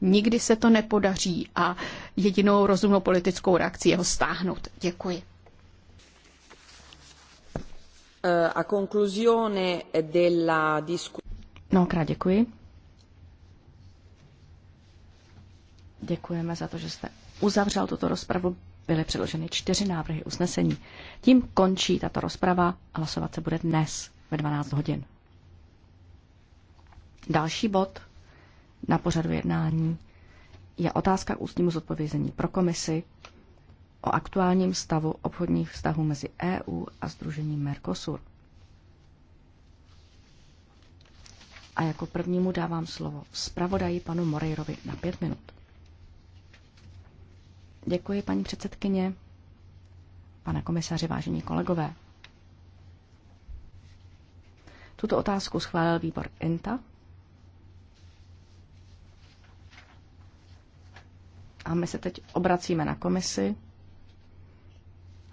Nikdy se to nepodaří a jedinou rozumnou politickou reakcí je ho stáhnout. Děkuji. Eh, a conclusione della No, Mnohokrát děkuji. Děkujeme za to, že jste uzavřel tuto rozpravu. Byly předloženy čtyři návrhy usnesení. Tím končí tato rozprava a hlasovat se bude dnes ve 12 hodin. Další bod na pořadu jednání je otázka k ústnímu zodpovězení pro komisi o aktuálním stavu obchodních vztahů mezi EU a Združením Mercosur. A jako prvnímu dávám slovo zpravodaji panu Moreirovi na pět minut. Děkuji, paní předsedkyně, pane komisaři, vážení kolegové. Tuto otázku schválil výbor INTA A my se teď obracíme na komisi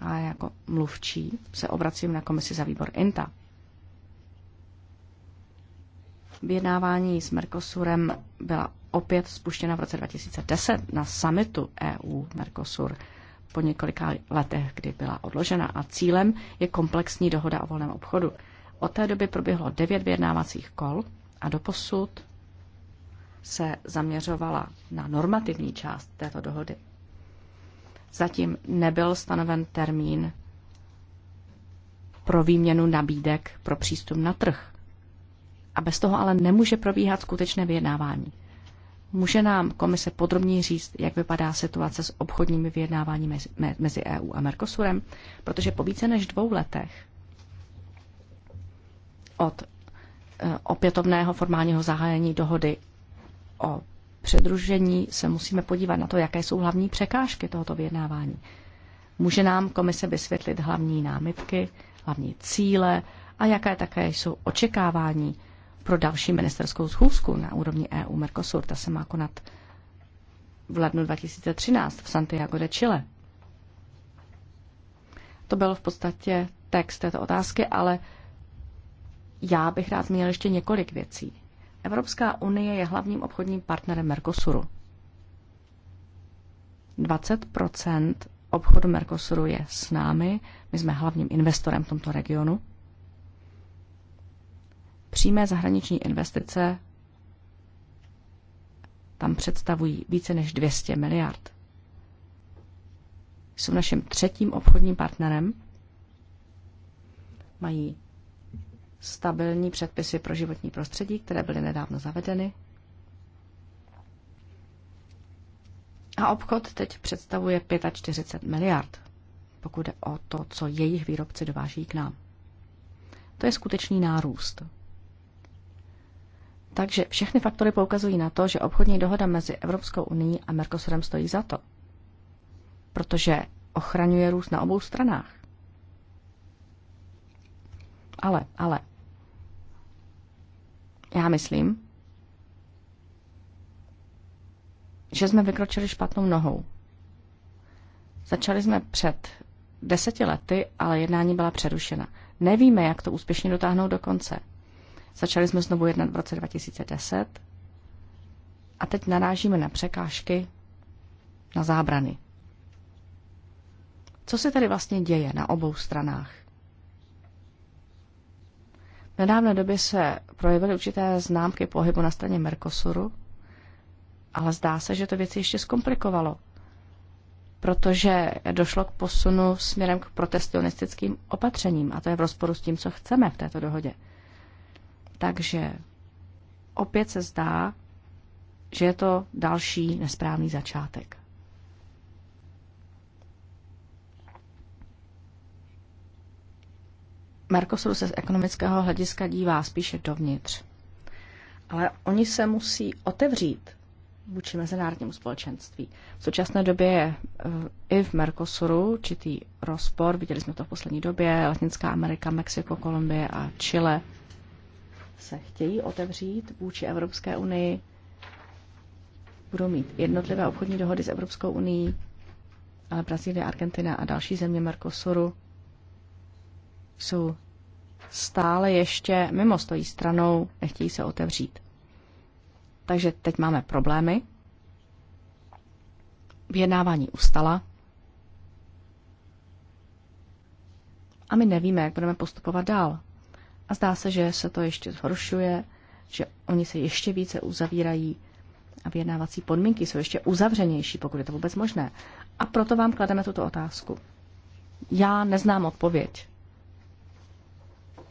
a jako mluvčí se obracím na komisi za výbor INTA. Vyjednávání s Mercosurem byla opět spuštěna v roce 2010 na summitu EU-Mercosur po několika letech, kdy byla odložena a cílem je komplexní dohoda o volném obchodu. Od té doby proběhlo devět vyjednávacích kol a doposud se zaměřovala na normativní část této dohody. Zatím nebyl stanoven termín pro výměnu nabídek pro přístup na trh. A bez toho ale nemůže probíhat skutečné vyjednávání. Může nám komise podrobně říct, jak vypadá situace s obchodními vyjednávání mezi, mezi EU a Mercosurem? Protože po více než dvou letech od eh, opětovného formálního zahájení dohody o předružení se musíme podívat na to, jaké jsou hlavní překážky tohoto vyjednávání. Může nám komise vysvětlit hlavní námitky, hlavní cíle a jaké také jsou očekávání pro další ministerskou schůzku na úrovni EU Mercosur. Ta se má konat v lednu 2013 v Santiago de Chile. To byl v podstatě text této otázky, ale já bych rád měl ještě několik věcí. Evropská unie je hlavním obchodním partnerem Mercosuru. 20 obchodu Mercosuru je s námi, my jsme hlavním investorem v tomto regionu. Přímé zahraniční investice tam představují více než 200 miliard. Jsou naším třetím obchodním partnerem, mají stabilní předpisy pro životní prostředí, které byly nedávno zavedeny. A obchod teď představuje 45 miliard, pokud jde o to, co jejich výrobci dováží k nám. To je skutečný nárůst. Takže všechny faktory poukazují na to, že obchodní dohoda mezi Evropskou unii a Mercosurem stojí za to, protože ochraňuje růst na obou stranách. Ale, ale, já myslím, že jsme vykročili špatnou nohou. Začali jsme před deseti lety, ale jednání byla přerušena. Nevíme, jak to úspěšně dotáhnout do konce. Začali jsme znovu jednat v roce 2010 a teď narážíme na překážky, na zábrany. Co se tady vlastně děje na obou stranách? V nedávné době se projevily určité známky pohybu na straně Mercosuru, ale zdá se, že to věci ještě zkomplikovalo, protože došlo k posunu směrem k protestionistickým opatřením a to je v rozporu s tím, co chceme v této dohodě. Takže opět se zdá, že je to další nesprávný začátek. Mercosur se z ekonomického hlediska dívá spíše dovnitř. Ale oni se musí otevřít vůči mezinárodnímu společenství. V současné době je eh, i v Mercosuru určitý rozpor, viděli jsme to v poslední době, Latinská Amerika, Mexiko, Kolumbie a Chile se chtějí otevřít vůči Evropské unii, budou mít jednotlivé obchodní dohody s Evropskou unii, ale Brazílie, Argentina a další země Mercosuru jsou stále ještě mimo stojí stranou, nechtějí se otevřít. Takže teď máme problémy. Vyjednávání ustala. A my nevíme, jak budeme postupovat dál. A zdá se, že se to ještě zhoršuje, že oni se ještě více uzavírají a vyjednávací podmínky jsou ještě uzavřenější, pokud je to vůbec možné. A proto vám klademe tuto otázku. Já neznám odpověď.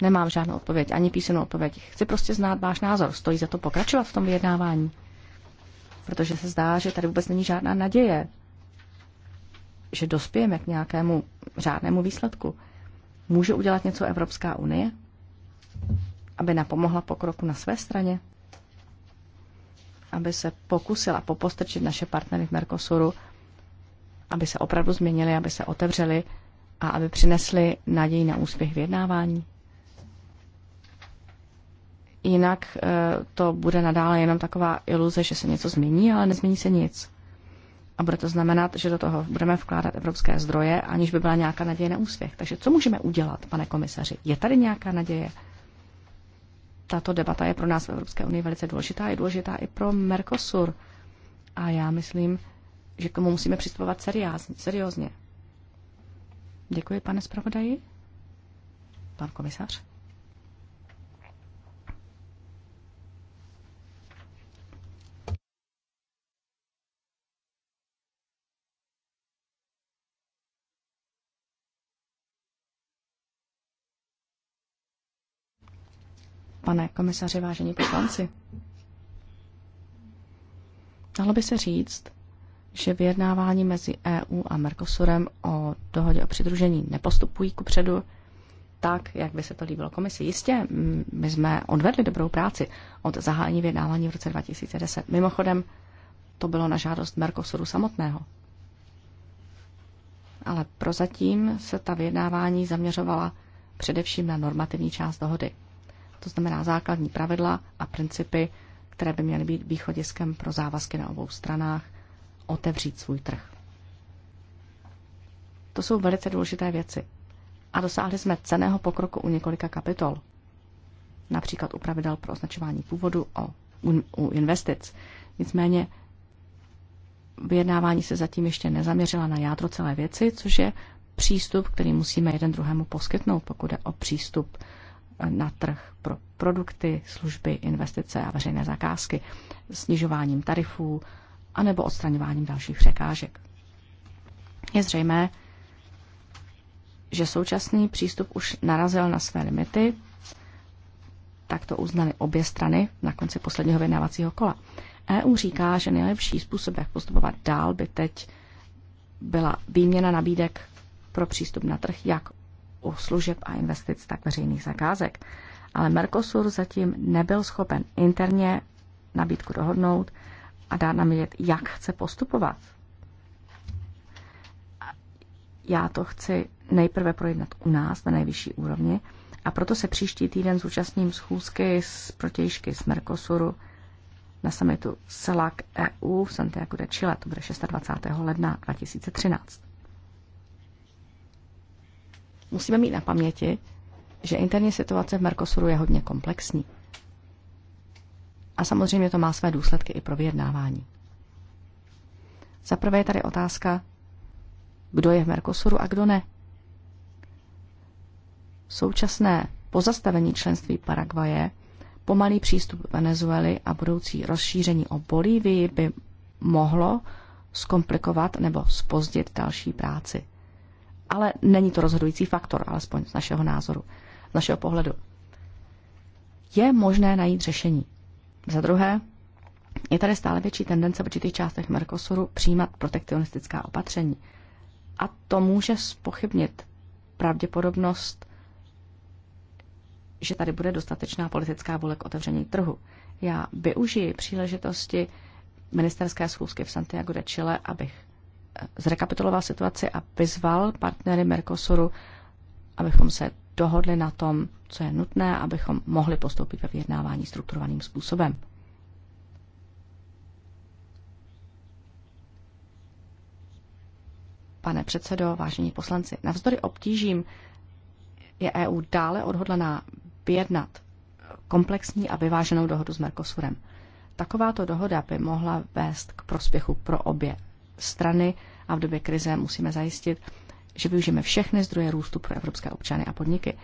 Nemám žádnou odpověď, ani písemnou odpověď. Chci prostě znát váš názor. Stojí za to pokračovat v tom vyjednávání? Protože se zdá, že tady vůbec není žádná naděje, že dospějeme k nějakému řádnému výsledku. Může udělat něco Evropská unie, aby napomohla pokroku na své straně? Aby se pokusila popostrčit naše partnery v Mercosuru, aby se opravdu změnili, aby se otevřeli a aby přinesli naději na úspěch vyjednávání? Jinak eh, to bude nadále jenom taková iluze, že se něco změní, ale nezmění se nic. A bude to znamenat, že do toho budeme vkládat evropské zdroje, aniž by byla nějaká naděje na úspěch. Takže co můžeme udělat, pane komisaři? Je tady nějaká naděje? Tato debata je pro nás v Evropské unii velice důležitá, je důležitá i pro Mercosur. A já myslím, že k tomu musíme přistupovat seriózně. Děkuji, pane zpravodaji. Pan komisař. pane komisaři, vážení poslanci. Dalo by se říct, že vyjednávání mezi EU a Mercosurem o dohodě o přidružení nepostupují kupředu tak, jak by se to líbilo komisi. Jistě, mm, my jsme odvedli dobrou práci od zahájení vyjednávání v roce 2010. Mimochodem, to bylo na žádost Mercosuru samotného. Ale prozatím se ta vyjednávání zaměřovala především na normativní část dohody to znamená základní pravidla a principy, které by měly být východiskem pro závazky na obou stranách, otevřít svůj trh. To jsou velice důležité věci. A dosáhli jsme ceného pokroku u několika kapitol. Například u pravidel pro označování původu o, u, u investic. Nicméně vyjednávání se zatím ještě nezaměřila na jádro celé věci, což je přístup, který musíme jeden druhému poskytnout, pokud je o přístup na trh pro produkty, služby, investice a veřejné zakázky, snižováním tarifů anebo odstraňováním dalších překážek. Je zřejmé, že současný přístup už narazil na své limity, tak to uznaly obě strany na konci posledního vyjednávacího kola. EU říká, že nejlepší způsob, jak postupovat dál, by teď byla výměna nabídek pro přístup na trh jak u služeb a investic, tak veřejných zakázek. Ale Mercosur zatím nebyl schopen interně nabídku dohodnout a dát nám vědět, jak chce postupovat. Já to chci nejprve projednat u nás na nejvyšší úrovni a proto se příští týden zúčastním schůzky z protějšky z Mercosuru na summitu CELAC EU v Santiago de Chile, to bude 26. ledna 2013. Musíme mít na paměti, že interní situace v Mercosuru je hodně komplexní. A samozřejmě to má své důsledky i pro vyjednávání. Za prvé je tady otázka, kdo je v Mercosuru a kdo ne. Současné pozastavení členství Paraguaje, pomalý přístup Venezuely a budoucí rozšíření o Bolívii by mohlo zkomplikovat nebo spozdit další práci ale není to rozhodující faktor, alespoň z našeho názoru, z našeho pohledu. Je možné najít řešení. Za druhé, je tady stále větší tendence v určitých částech Mercosuru přijímat protekcionistická opatření. A to může spochybnit pravděpodobnost, že tady bude dostatečná politická vůle k otevření trhu. Já využiji příležitosti ministerské schůzky v Santiago de Chile, abych zrekapituloval situaci a vyzval partnery Mercosuru, abychom se dohodli na tom, co je nutné, abychom mohli postoupit ve vyjednávání strukturovaným způsobem. Pane předsedo, vážení poslanci, navzdory obtížím je EU dále odhodlaná vyjednat komplexní a vyváženou dohodu s Mercosurem. Takováto dohoda by mohla vést k prospěchu pro obě strany a v době krize musíme zajistit, že využijeme všechny zdroje růstu pro evropské občany a podniky.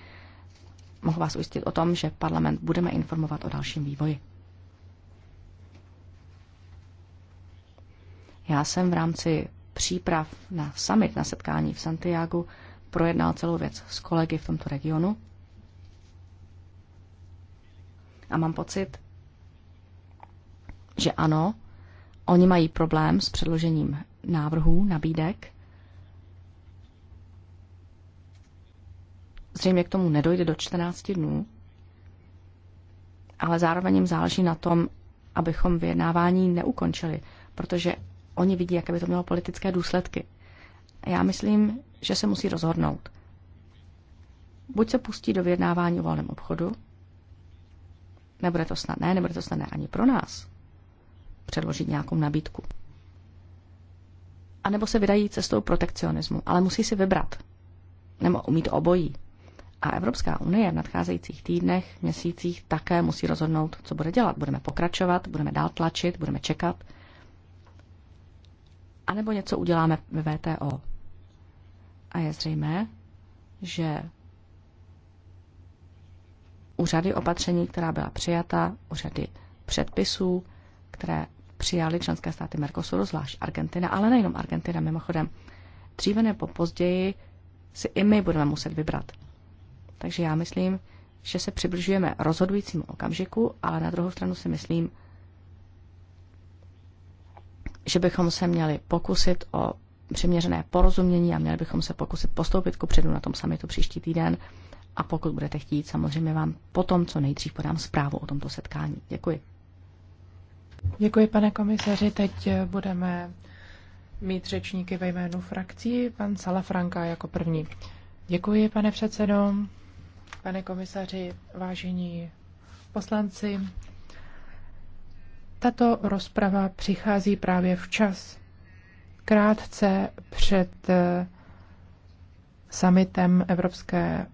Mohu vás ujistit o tom, že parlament budeme informovat o dalším vývoji. Já jsem v rámci příprav na summit, na setkání v Santiago, projednal celou věc s kolegy v tomto regionu. A mám pocit, že ano, Oni mají problém s předložením návrhů, nabídek. Zřejmě k tomu nedojde do 14 dnů, ale zároveň jim záleží na tom, abychom vyjednávání neukončili, protože oni vidí, jaké by to mělo politické důsledky. Já myslím, že se musí rozhodnout. Buď se pustí do vyjednávání o volném obchodu, nebude to snadné, nebude to snadné ani pro nás, předložit nějakou nabídku. A nebo se vydají cestou protekcionismu, ale musí si vybrat. Nebo umít obojí. A Evropská unie v nadcházejících týdnech, měsících také musí rozhodnout, co bude dělat. Budeme pokračovat, budeme dál tlačit, budeme čekat. A nebo něco uděláme ve VTO. A je zřejmé, že u řady opatření, která byla přijata, u řady předpisů, které přijali členské státy Mercosuru, zvlášť Argentina, ale nejenom Argentina mimochodem. Dříve nebo později si i my budeme muset vybrat. Takže já myslím, že se přibližujeme rozhodujícímu okamžiku, ale na druhou stranu si myslím, že bychom se měli pokusit o přiměřené porozumění a měli bychom se pokusit postoupit ku předu na tom samitu příští týden. A pokud budete chtít, samozřejmě vám potom co nejdřív podám zprávu o tomto setkání. Děkuji. Děkuji, pane komisaři. Teď eh, budeme mít řečníky ve jménu frakcí. Pan Salafranka jako první. Děkuji, pane předsedo, pane komisaři, vážení poslanci. Tato rozprava přichází právě včas, krátce před eh, summitem Evropské eh,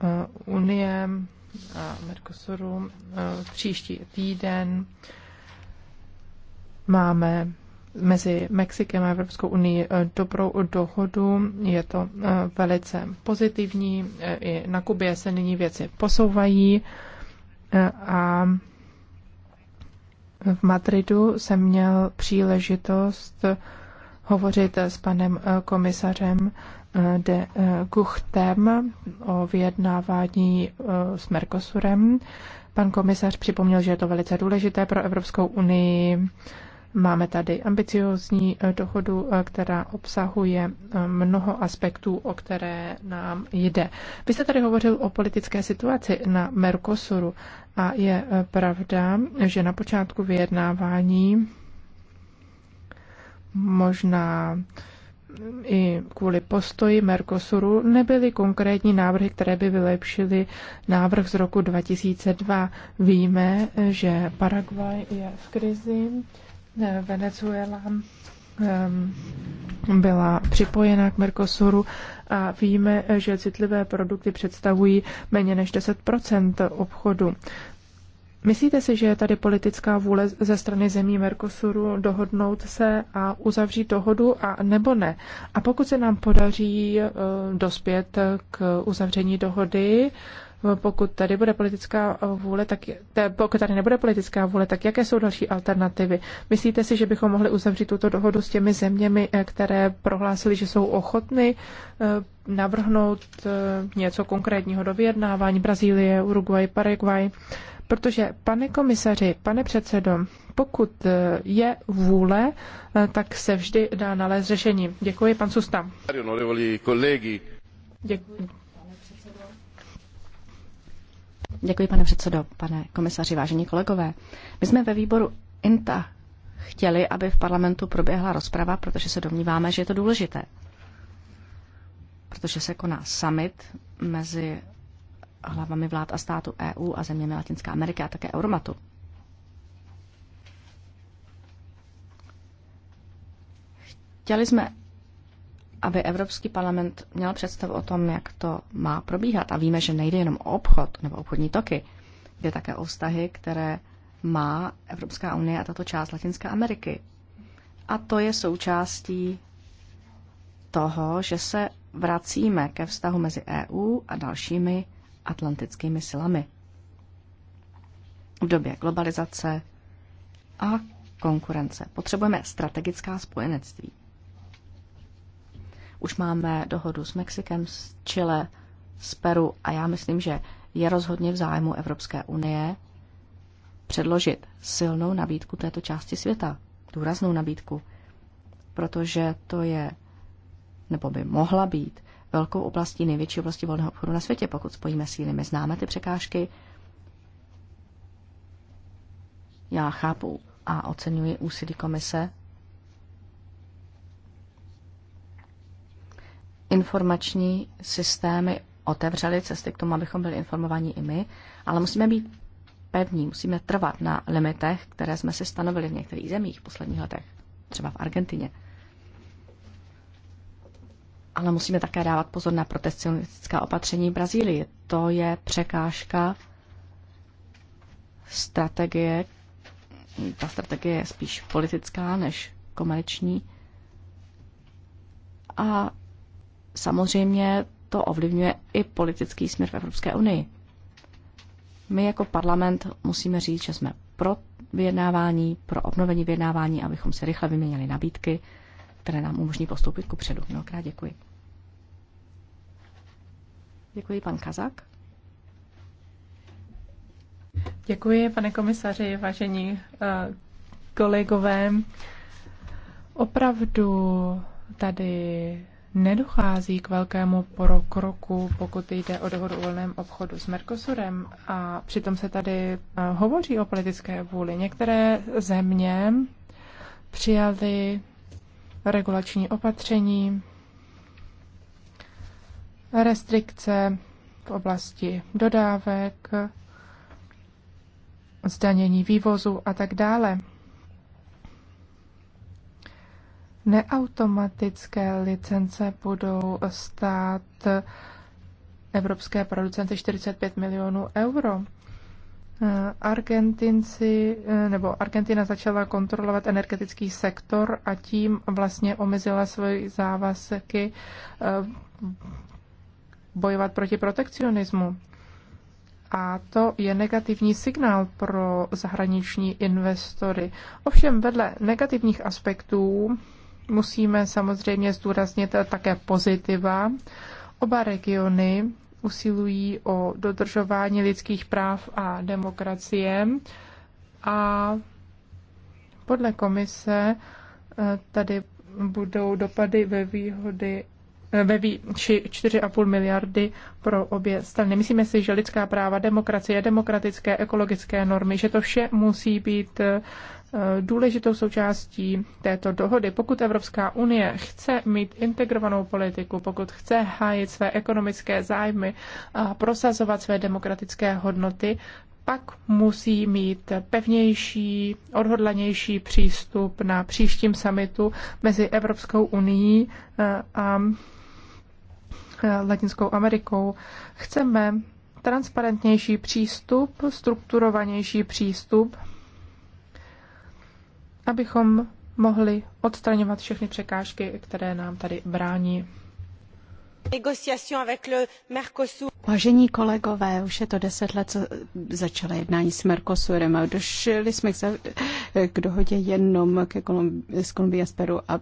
unie a Mercosuru příští týden máme mezi Mexikem a Evropskou unii eh, dobrou dohodu. Je to eh, velice pozitivní. Eh, I na Kubě se nyní věci posouvají a v Madridu jsem měl příležitost hovořit s panem komisařem de Guchtem o vyjednávání s Mercosurem. Pan komisař připomněl, že je to velice důležité pro Evropskou unii Máme tady ambiciózní eh, dohodu, eh, která obsahuje eh, mnoho aspektů, o které nám jde. Vy jste tady hovořil o politické situaci na Mercosuru a je pravda, že na počátku vyjednávání možná mm, i kvůli postoji Mercosuru nebyly konkrétní návrhy, které by vylepšily návrh z roku 2002. Víme, že Paraguay je v krizi Venezuela ehm, byla připojena k Mercosuru a víme, že citlivé produkty představují méně než 10 obchodu. Myslíte si, že je tady politická vůle ze strany zemí Mercosuru dohodnout se a uzavřít dohodu a nebo ne? A pokud se nám podaří eh, dospět k uzavření dohody pokud tady bude politická vůle, tak, te, pokud tady nebude politická vůle, tak jaké jsou další alternativy? Myslíte si, že bychom mohli uzavřít tuto dohodu s těmi zeměmi, eh, které prohlásily, že jsou ochotny eh, navrhnout eh, něco konkrétního do vyjednávání Brazílie, Uruguay, Paraguay? Protože, pane komisaři, pane předsedo, pokud je vůle, tak se vždy dá nalézt řešení. Děkuji, pan Susta. Děkuji. Děkuji, pane předsedo, pane komisaři, vážení kolegové. My jsme ve výboru INTA chtěli, aby v parlamentu proběhla rozprava, protože se domníváme, že je to důležité. Protože se koná summit mezi hlavami vlád a státu EU a zeměmi Latinská Ameriky a také Euromatu. Chtěli jsme aby Evropský parlament měl představu o tom, jak to má probíhat. A víme, že nejde jenom o obchod nebo obchodní toky, jde také o vztahy, které má Evropská unie a tato část Latinské Ameriky. A to je součástí toho, že se vracíme ke vztahu mezi EU a dalšími atlantickými silami. V době globalizace a konkurence potřebujeme strategická spojenectví. Už máme dohodu s Mexikem, s Chile, s Peru a já myslím, že je rozhodně v zájmu Evropské unie předložit silnou nabídku této části světa, důraznou nabídku, protože to je, nebo by mohla být, velkou oblastí, největší oblastí volného obchodu na světě, pokud spojíme síly. My známe ty překážky. Já chápu a oceňuji úsilí komise informační systémy otevřely cesty k tomu, abychom byli informovaní i my, ale musíme být pevní, musíme trvat na limitech, které jsme si stanovili v některých zemích v posledních letech, třeba v Argentině. Ale musíme také dávat pozor na protekcionistická opatření Brazílii. To je překážka strategie, ta strategie je spíš politická než komerční. A samozřejmě to ovlivňuje i politický směr v Evropské unii. My jako parlament musíme říct, že jsme pro vyjednávání, pro obnovení vyjednávání, abychom se rychle vyměnili nabídky, které nám umožní postoupit ku předu. Mnohokrát děkuji. Děkuji, pan Kazak. Děkuji, pane komisaři, vážení eh, kolegové. Opravdu tady nedochází k velkému prokroku, pokud jde o dohodu o volném obchodu s Mercosurem a přitom se tady eh, hovoří o politické vůli. Některé země přijaly regulační opatření, restrikce v oblasti dodávek, zdanění vývozu a tak dále. Neautomatické licence budou stát evropské producenty 45 milionů euro. Argentinci, nebo Argentina začala kontrolovat energetický sektor a tím vlastně omezila svoje závazky eh, bojovat proti protekcionismu. A to je negativní signál pro zahraniční investory. Ovšem vedle negativních aspektů Musíme samozřejmě zdůraznit také pozitiva. Oba regiony usilují o dodržování lidských práv a demokracie a podle komise eh, tady budou dopady ve výhody eh, ve výši 4,5 miliardy pro obě strany. Myslíme si, že lidská práva, demokracie, demokratické, ekologické normy, že to vše musí být eh, důležitou součástí této dohody. Pokud Evropská unie chce mít integrovanou politiku, pokud chce hájit své ekonomické zájmy a prosazovat své demokratické hodnoty, pak musí mít pevnější, odhodlanější přístup na příštím samitu mezi Evropskou unii eh, a eh, Latinskou Amerikou. Chceme transparentnější přístup, strukturovanější přístup abychom mohli odstraňovat všechny překážky, které nám tady brání. avec le Mercosur. Vážení kolegové, už je to deset let, co začala jednání s Mercosurem a došli jsme k, k dohodě jenom ke Kolumbi- z Kolumbia z Peru a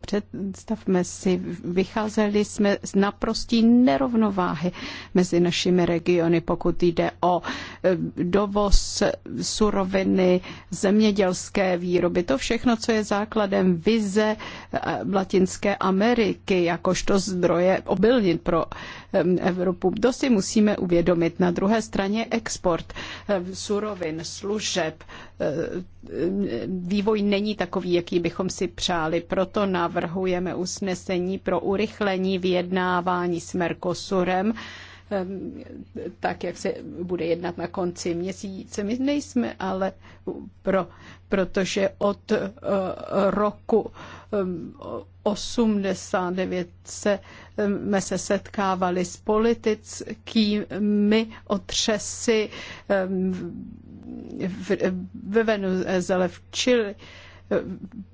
představme si, vycházeli jsme z naprostí nerovnováhy mezi našimi regiony, pokud jde o e, dovoz suroviny, zemědělské výroby, to všechno, co je základem vize e, Latinské Ameriky, jakožto zdroje obilnit pro e, Evropu. To si musíme musíme uvědomit. Na druhé straně export eh, surovin, služeb, eh, vývoj není takový, jaký bychom si přáli. Proto navrhujeme usnesení pro urychlení vyjednávání s Mercosurem eh, tak, jak se bude jednat na konci měsíce. My nejsme ale pro, protože od roku 89 jsme se setkávali s politickými otřesy ve Venezuele, v Chile,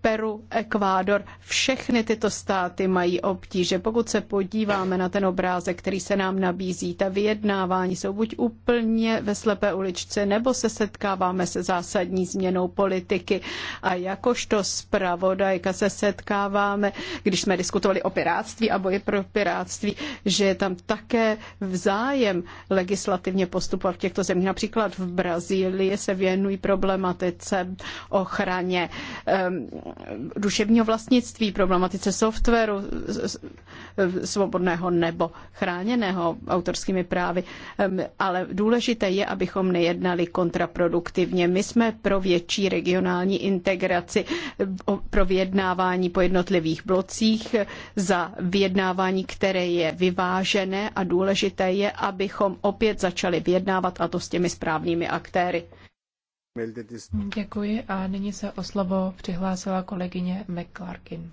Peru, Ekvádor, všechny tyto státy mají obtíže. Pokud se podíváme na ten obrázek, který se nám nabízí, ta vyjednávání jsou buď úplně ve slepé uličce, nebo se setkáváme se zásadní změnou politiky. A jakožto zpravodajka se setkáváme, když jsme diskutovali o piráctví a boji pro piráctví, že je tam také vzájem legislativně postupovat v těchto zemích. Například v Brazílii se věnují problematice ochraně Ehm, duševního vlastnictví, problematice softwaru svobodného nebo chráněného autorskými právy. Ehm, ale důležité je, abychom nejednali kontraproduktivně. My jsme pro větší regionální integraci, pro vyjednávání po jednotlivých blocích, za vyjednávání, které je vyvážené a důležité je, abychom opět začali vyjednávat a to s těmi správnými aktéry. Děkuji a nyní se o slovo přihlásila kolegyně McClarkin.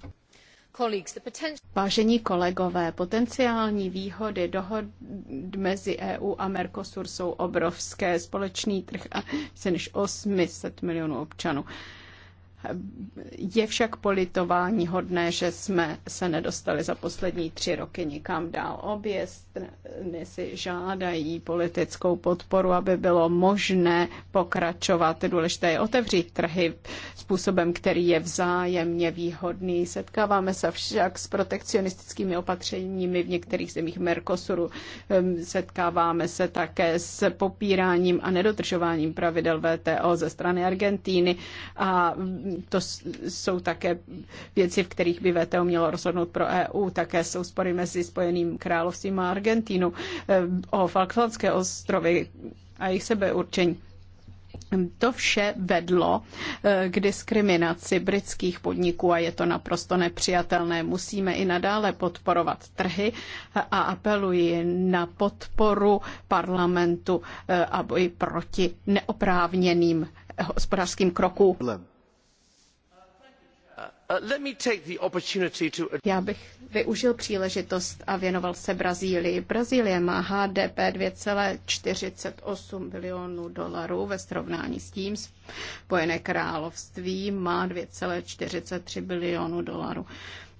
Vážení kolegové, potenciální výhody dohod mezi EU a Mercosur jsou obrovské. Společný trh a více než 800 milionů občanů. Je však politování hodné, že jsme se nedostali za poslední tři roky nikam dál. Obě strany si žádají politickou podporu, aby bylo možné pokračovat. Důležité je otevřít trhy způsobem, který je vzájemně výhodný. Setkáváme se však s protekcionistickými opatřeními v některých zemích Mercosuru. Ehm, setkáváme se také s popíráním a nedodržováním pravidel VTO ze strany Argentíny a to jsou také věci, v kterých by VTO mělo rozhodnout pro EU. Také jsou spory mezi Spojeným královstvím a Argentínou eh, o Falklandské ostrovy a jejich sebeurčení. To vše vedlo eh, k diskriminaci britských podniků a je to naprosto nepřijatelné. Musíme i nadále podporovat trhy a apeluji na podporu parlamentu eh, a boji proti neoprávněným hospodářským krokům. Uh, Já bych využil příležitost a věnoval se Brazílii. Brazílie má HDP 2,48 bilionů dolarů ve srovnání s tím Spojené království má 2,43 bilionů dolarů.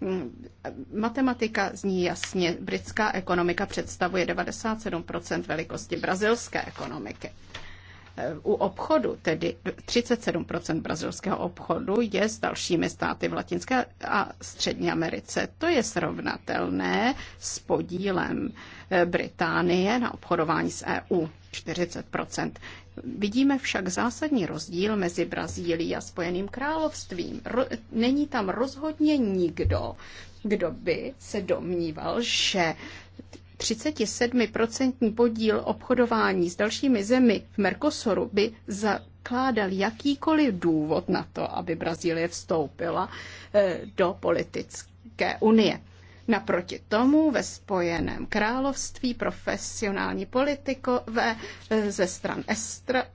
Mm, matematika zní jasně. Britská ekonomika představuje 97 velikosti brazilské ekonomiky. U obchodu, tedy 37% brazilského obchodu je s dalšími státy v Latinské a Střední Americe. To je srovnatelné s podílem eh, Británie na obchodování s EU 40%. Vidíme však zásadní rozdíl mezi Brazílií a Spojeným královstvím. Ro- není tam rozhodně nikdo, kdo by se domníval, že 37% podíl obchodování s dalšími zemi v Mercosuru by zakládal jakýkoliv důvod na to, aby Brazílie vstoupila eh, do politické unie. Naproti tomu ve Spojeném království profesionální politikové ze stran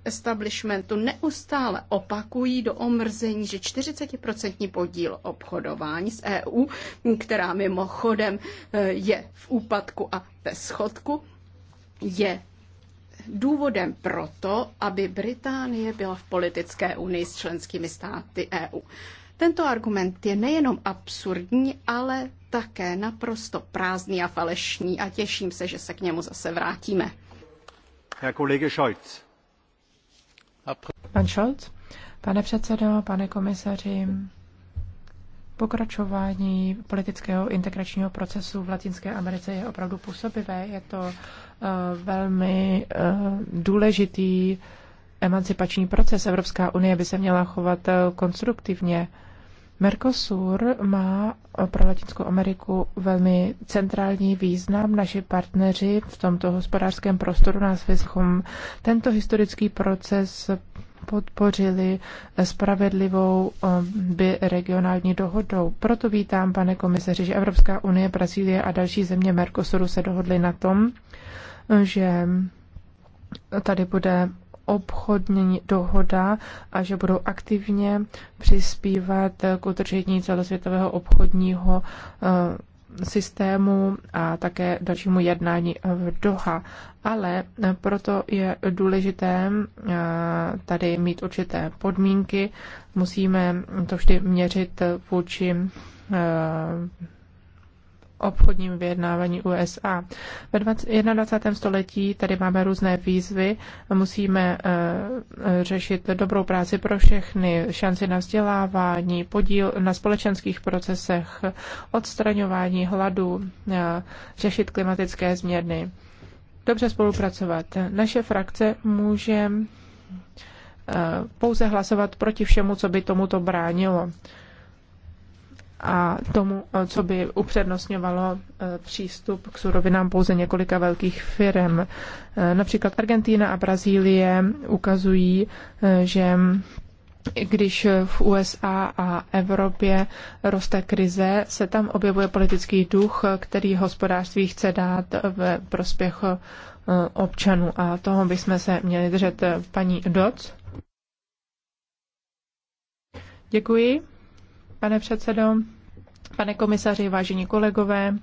establishmentu neustále opakují do omrzení, že 40% podíl obchodování s EU, která mimochodem e, je v úpadku a ve schodku, je důvodem proto, aby Británie byla v politické unii s členskými státy EU. Tento argument je nejenom absurdní, ale také naprosto prázdný a falešný a těším se, že se k němu zase vrátíme. Herr Kollege Scholz. Pan Scholz, pane předsedo, pane komisaři, pokračování politického integračního procesu v Latinské Americe je opravdu působivé. Je to uh, velmi uh, důležitý emancipační proces. Evropská unie by se měla chovat eh, konstruktivně. Uh, Mercosur má pro Latinskou Ameriku velmi centrální význam. Naši partneři v tomto hospodářském prostoru nás vyschom tento historický proces podpořili spravedlivou eh, regionální dohodou. Proto vítám, pane komisaři, že Evropská unie, Brazílie a další země Mercosuru se dohodly na tom, že tady bude obchodní dohoda a že budou aktivně přispívat k udržení celosvětového obchodního eh, systému a také dalšímu jednání v Doha. Ale proto je důležité eh, tady mít určité podmínky. Musíme to vždy měřit vůči eh, obchodním vyjednávání USA. Ve 21. století tady máme různé výzvy, musíme eh, řešit dobrou práci pro všechny, šanci na vzdělávání, podíl na společenských procesech, odstraňování hladu, eh, řešit klimatické změny. Dobře spolupracovat. Naše frakce může eh, pouze hlasovat proti všemu, co by tomuto bránilo a tomu, eh, co by upřednostňovalo eh, přístup k surovinám pouze několika velkých firm. Eh, například Argentína a Brazílie ukazují, že když v USA a Evropě roste krize, se tam objevuje politický duch, který hospodářství chce dát ve prospěch občanů. A toho bychom se měli držet paní Doc. Děkuji pane předsedo, pane komisaři, vážení kolegové.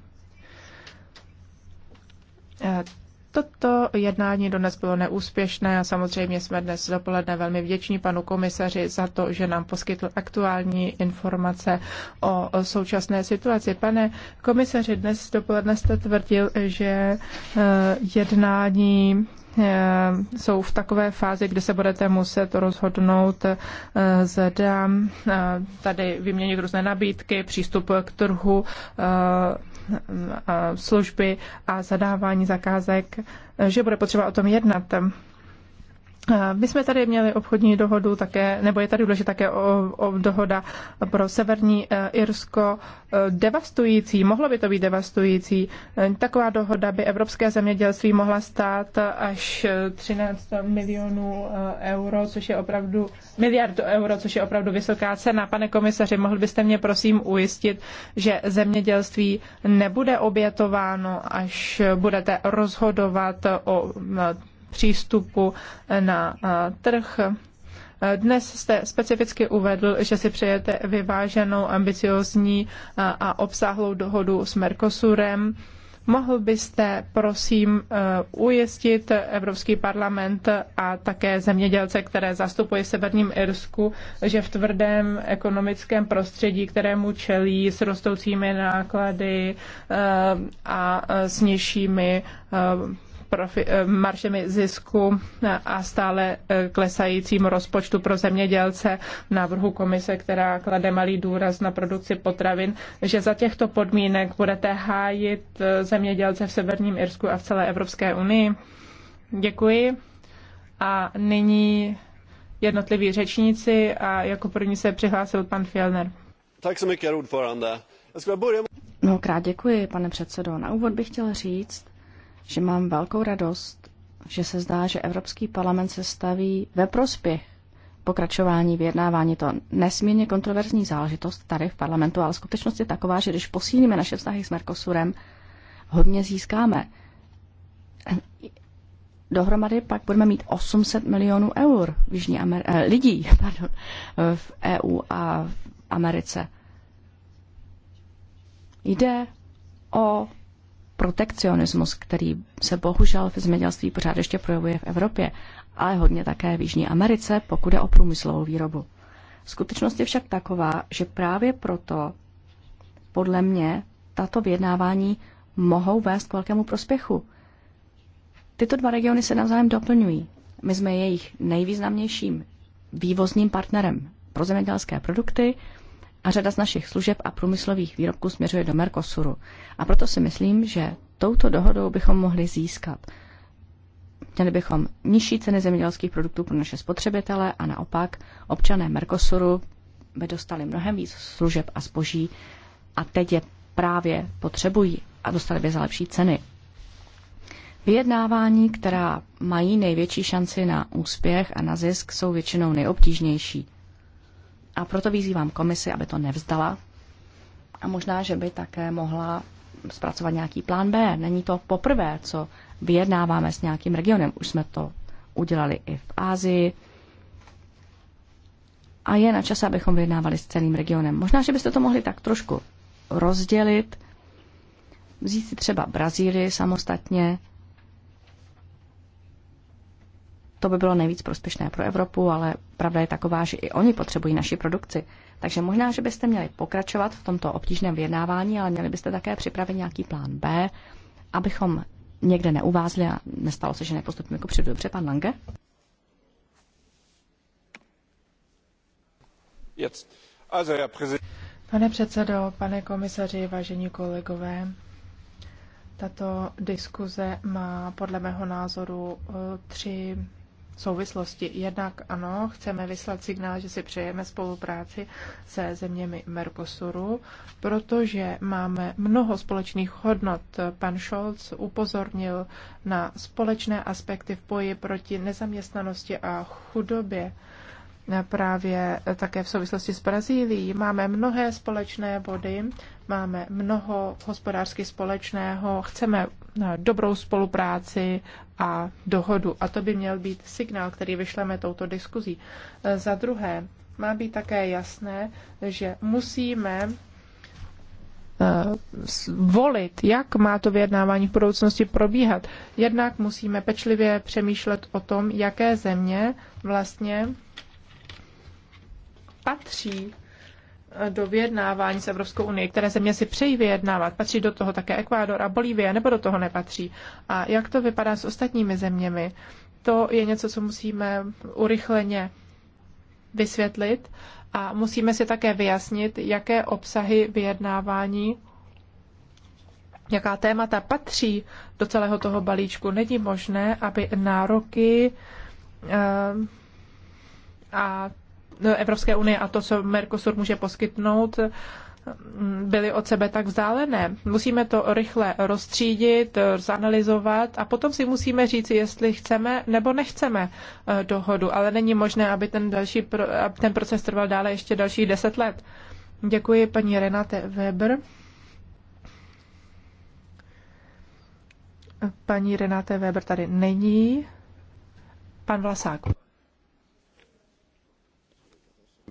Eh, toto jednání dnes bylo neúspěšné a samozřejmě jsme dnes dopoledne velmi vděční panu komisaři za to, že nám poskytl aktuální informace o současné situaci. Pane komisaři, dnes dopoledne jste tvrdil, že eh, jednání Eh, jsou v takové fázi, kdy se budete muset rozhodnout, eh, zda eh, tady vyměnit různé nabídky, přístup k trhu, služby a zadávání zakázek, že bude potřeba o tom jednat. My jsme tady měli obchodní dohodu také, nebo je tady důležitá také o, o dohoda pro severní eh, Irsko eh, devastující, mohlo by to být devastující. Eh, taková dohoda by evropské zemědělství mohla stát až 13 milionů euro, což je opravdu miliard euro, což je opravdu vysoká cena. Pane komisaři, mohl byste mě prosím ujistit, že zemědělství nebude obětováno, až budete rozhodovat o přístupu na eh, trh. Eh, dnes jste specificky uvedl, že si přejete vyváženou, ambiciozní eh, a obsáhlou dohodu s Mercosurem. Mohl byste, prosím, ujistit Evropský parlament a také zemědělce, které zastupuje v Severním Irsku, že v tvrdém ekonomickém prostředí, kterému čelí s rostoucími náklady a s nižšími profi, eh, maržemi zisku a stále eh, klesajícím rozpočtu pro zemědělce v návrhu komise, která klade malý důraz na produkci potravin, že za těchto podmínek budete hájit eh, zemědělce v Severním Irsku a v celé Evropské unii. Děkuji. A nyní jednotliví řečníci a jako první se přihlásil pan Fjellner. Tak se mi, Mnohokrát děkuji, pane předsedo. Na úvod bych chtěl říct, že mám velkou radost, že se zdá, že Evropský parlament se staví ve prospěch pokračování vyjednávání. To nesmírně kontroverzní záležitost tady v parlamentu, ale skutečnost je taková, že když posílíme naše vztahy s Mercosurem, hodně získáme. Dohromady pak budeme mít 800 milionů eur v Jižní Amer- eh, lidí pardon, v EU a v Americe. Jde o protekcionismus, který se bohužel v zemědělství pořád ještě projevuje v Evropě, ale hodně také v Jižní Americe, pokud je o průmyslovou výrobu. Skutečnost je však taková, že právě proto, podle mě, tato vyjednávání mohou vést k velkému prospěchu. Tyto dva regiony se navzájem doplňují. My jsme jejich nejvýznamnějším vývozním partnerem pro zemědělské produkty, a řada z našich služeb a průmyslových výrobků směřuje do Mercosuru. A proto si myslím, že touto dohodou bychom mohli získat. Měli bychom nižší ceny zemědělských produktů pro naše spotřebitele a naopak občané Mercosuru by dostali mnohem víc služeb a zboží a teď je právě potřebují a dostali by za lepší ceny. Vyjednávání, která mají největší šanci na úspěch a na zisk, jsou většinou nejobtížnější. A proto vyzývám komisi, aby to nevzdala. A možná, že by také mohla zpracovat nějaký plán B. Není to poprvé, co vyjednáváme s nějakým regionem. Už jsme to udělali i v Ázii. A je na čase, abychom vyjednávali s celým regionem. Možná, že byste to mohli tak trošku rozdělit, vzít si třeba Brazílii samostatně to by bylo nejvíc prospěšné pro Evropu, ale pravda je taková, že i oni potřebují naši produkci. Takže možná, že byste měli pokračovat v tomto obtížném vyjednávání, ale měli byste také připravit nějaký plán B, abychom někde neuvázli a nestalo se, že nepostupíme jako předu. Dobře, pan Lange? Pane předsedo, pane komisaři, vážení kolegové, tato diskuze má podle mého názoru eh, tři souvislosti. Jednak ano, chceme vyslat signál, že si přejeme spolupráci se zeměmi Mercosuru, protože máme mnoho společných hodnot. Pan Scholz upozornil na společné aspekty v boji proti nezaměstnanosti a chudobě právě také v souvislosti s Brazílií. Máme mnohé společné body, máme mnoho hospodářsky společného, chceme dobrou spolupráci a dohodu. A to by měl být signál, který vyšleme touto diskuzí. E, za druhé, má být také jasné, že musíme e, volit, jak má to vyjednávání v budoucnosti probíhat. Jednak musíme pečlivě přemýšlet o tom, jaké země vlastně patří do vyjednávání s Evropskou unii, které země si přejí vyjednávat. Patří do toho také Ekvádor a Bolívie, nebo do toho nepatří? A jak to vypadá s ostatními zeměmi? To je něco, co musíme urychleně vysvětlit a musíme si také vyjasnit, jaké obsahy vyjednávání jaká témata patří do celého toho balíčku. Není možné, aby nároky eh, a Evropské unie a to, co Mercosur může poskytnout, byly od sebe tak vzdálené. Musíme to rychle rozstřídit, zanalizovat a potom si musíme říct, jestli chceme nebo nechceme eh, dohodu. Ale není možné, aby ten, další, aby ten proces trval dále ještě další deset let. Děkuji paní Renate Weber. Paní Renate Weber tady není. Pan Vlasák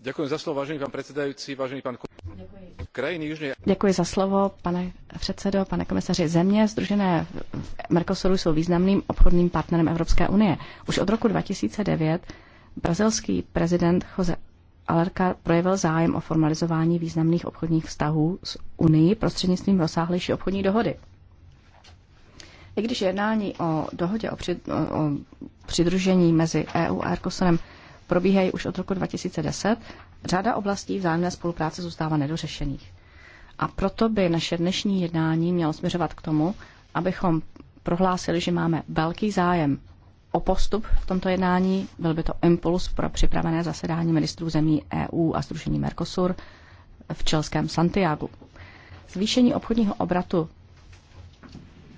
Děkuji za slovo, vážený předsedající, vážený Děkuji za slovo, pane předsedo, pane komisaři. Země združené v Mercosuru jsou významným obchodním partnerem Evropské unie. Už od roku 2009 brazilský prezident Jose Alerka projevil zájem o formalizování významných obchodních vztahů s Unii prostřednictvím rozsáhlejší obchodní dohody. I když jednání o dohodě o, při, o, o přidružení mezi EU a Mercosurem probíhají už od roku 2010, řada oblastí vzájemné spolupráce zůstává nedořešených. A proto by naše dnešní jednání mělo směřovat k tomu, abychom prohlásili, že máme velký zájem o postup v tomto jednání. Byl by to impuls pro připravené zasedání ministrů zemí EU a Združení Mercosur v čelském Santiagu. Zvýšení obchodního obratu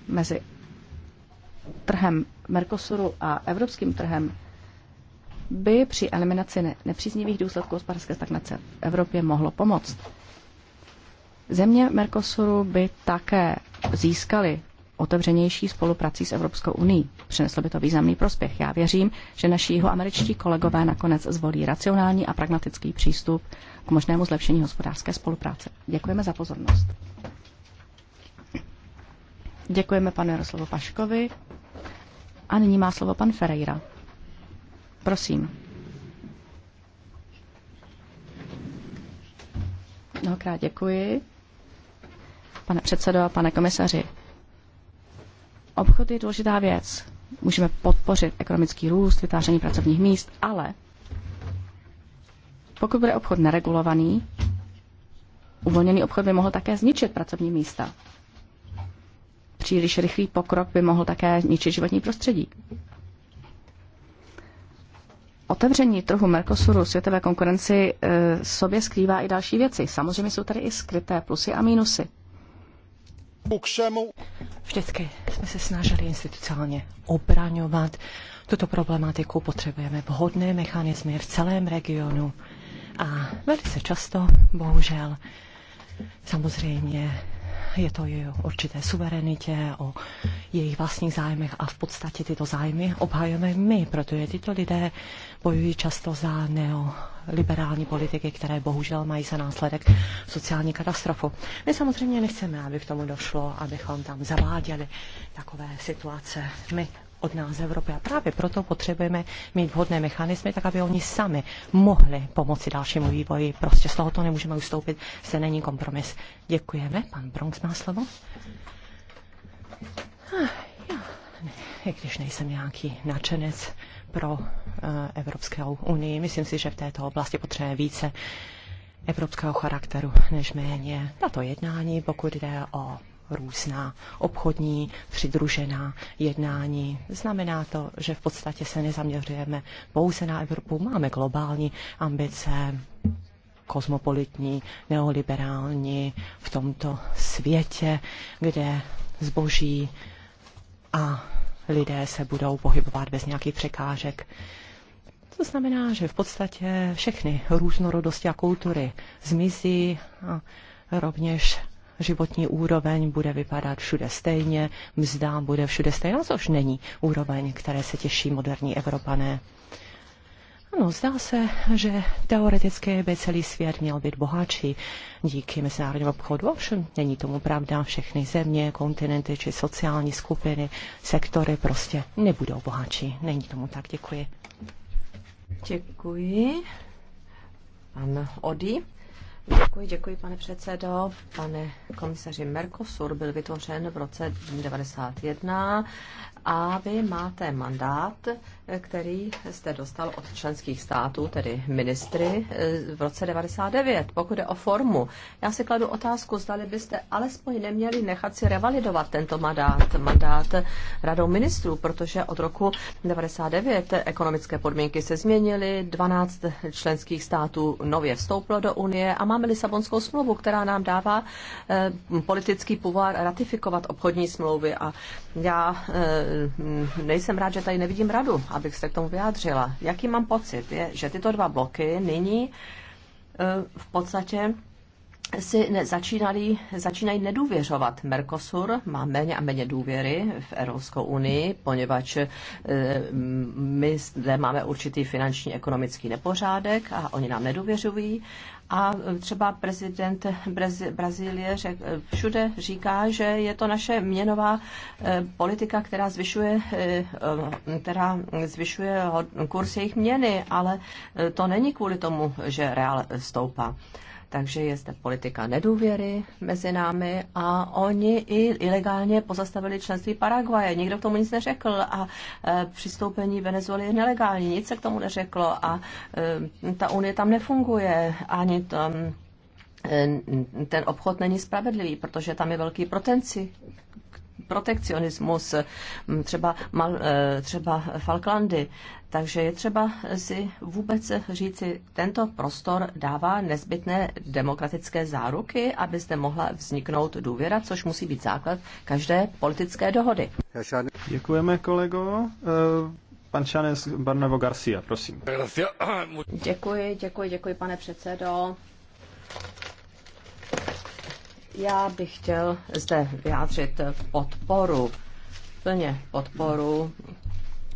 mezi trhem Mercosuru a evropským trhem by při eliminaci nepříznivých důsledků hospodářské stagnace v Evropě mohlo pomoct. Země Mercosuru by také získaly otevřenější spolupráci s Evropskou uní. Přineslo by to významný prospěch. Já věřím, že naši jihoameričtí kolegové nakonec zvolí racionální a pragmatický přístup k možnému zlepšení hospodářské spolupráce. Děkujeme za pozornost. Děkujeme panu Jaroslavu Paškovi. A nyní má slovo pan Ferreira. Prosím. Mnohokrát děkuji. Pane předsedo a pane komisaři, obchod je důležitá věc. Můžeme podpořit ekonomický růst, vytváření pracovních míst, ale pokud bude obchod neregulovaný, uvolněný obchod by mohl také zničit pracovní místa. Příliš rychlý pokrok by mohl také zničit životní prostředí. Otevření trhu Mercosuru světové konkurenci e, sobě skrývá i další věci. Samozřejmě jsou tady i skryté plusy a mínusy. Vždycky jsme se snažili institucionálně obraňovat tuto problematiku. Potřebujeme vhodné mechanismy v celém regionu. A velice často, bohužel, samozřejmě je to je o určité suverenitě, o jejich vlastních zájmech a v podstatě tyto zájmy obhajujeme my, protože tyto lidé bojují často za neoliberální politiky, které bohužel mají za následek sociální katastrofu. My samozřejmě nechceme, aby k tomu došlo, abychom tam zaváděli takové situace. My od nás Evropy. A právě proto potřebujeme mít vhodné mechanismy, tak aby oni sami mohli pomoci dalšímu vývoji. Prostě z to nemůžeme ustoupit, se není kompromis. Děkujeme. Pan Bronx má slovo. Ah, Já, ne, i když nejsem nějaký nadšenec pro uh, Evropskou unii, myslím si, že v této oblasti potřebujeme více evropského charakteru než méně. Tato jednání, pokud jde o různá obchodní přidružená jednání. Znamená to, že v podstatě se nezaměřujeme pouze na Evropu, máme globální ambice, kosmopolitní, neoliberální v tomto světě, kde zboží a lidé se budou pohybovat bez nějakých překážek. To znamená, že v podstatě všechny různorodosti a kultury zmizí a rovněž životní úroveň bude vypadat všude stejně, mzda bude všude stejná, což není úroveň, které se těší moderní Evropané. Ano, zdá se, že teoreticky by celý svět měl být bohatší díky mezinárodnímu obchodu. Ovšem není tomu pravda. Všechny země, kontinenty či sociální skupiny, sektory prostě nebudou bohatší. Není tomu tak. Děkuji. Děkuji. Pan Odi. Děkuji, děkuji, pane předsedo. Pane komisaři Mercosur byl vytvořen v roce 1991 a vy máte mandát, který jste dostal od členských států, tedy ministry, v roce 99, pokud je o formu. Já si kladu otázku, zdali byste alespoň neměli nechat si revalidovat tento mandát, mandát radou ministrů, protože od roku 99 ekonomické podmínky se změnily, 12 členských států nově vstoupilo do Unie a máme máme Lisabonskou smlouvu, která nám dává eh, politický původ ratifikovat obchodní smlouvy. A já eh, nejsem rád, že tady nevidím radu, abych se k tomu vyjádřila. Jaký mám pocit je, že tyto dva bloky nyní eh, v podstatě si ne, začínali, začínají nedůvěřovat. Mercosur má méně a méně důvěry v Evropskou unii, poněvadž e, my zde máme určitý finanční ekonomický nepořádek a oni nám nedůvěřují. A eh, třeba prezident Brazílie řek, všude říká, že je to naše měnová eh, politika, která zvyšuje, která zvyšuje kurz jejich měny, ale to není kvůli tomu, že reál stoupá. Takže je zde politika nedůvěry mezi námi a oni i ilegálně pozastavili členství Paraguaje. Nikdo k tomu nic neřekl a e, přistoupení Venezuely je nelegální, nic se k tomu neřeklo a e, ta unie tam nefunguje, ani tam e, ten obchod není spravedlivý, protože tam je velký potenci, protekcionismus, třeba, eh, třeba Falklandy. Takže je třeba si vůbec říci, tento prostor dává nezbytné demokratické záruky, aby zde mohla vzniknout důvěra, což musí být základ každé politické dohody. Děkujeme, kolego. Eh, pan Šanes Barnevo Garcia, prosím. Děkuji, děkuji, děkuji, pane předsedo. Já bych chtěl zde vyjádřit podporu, plně podporu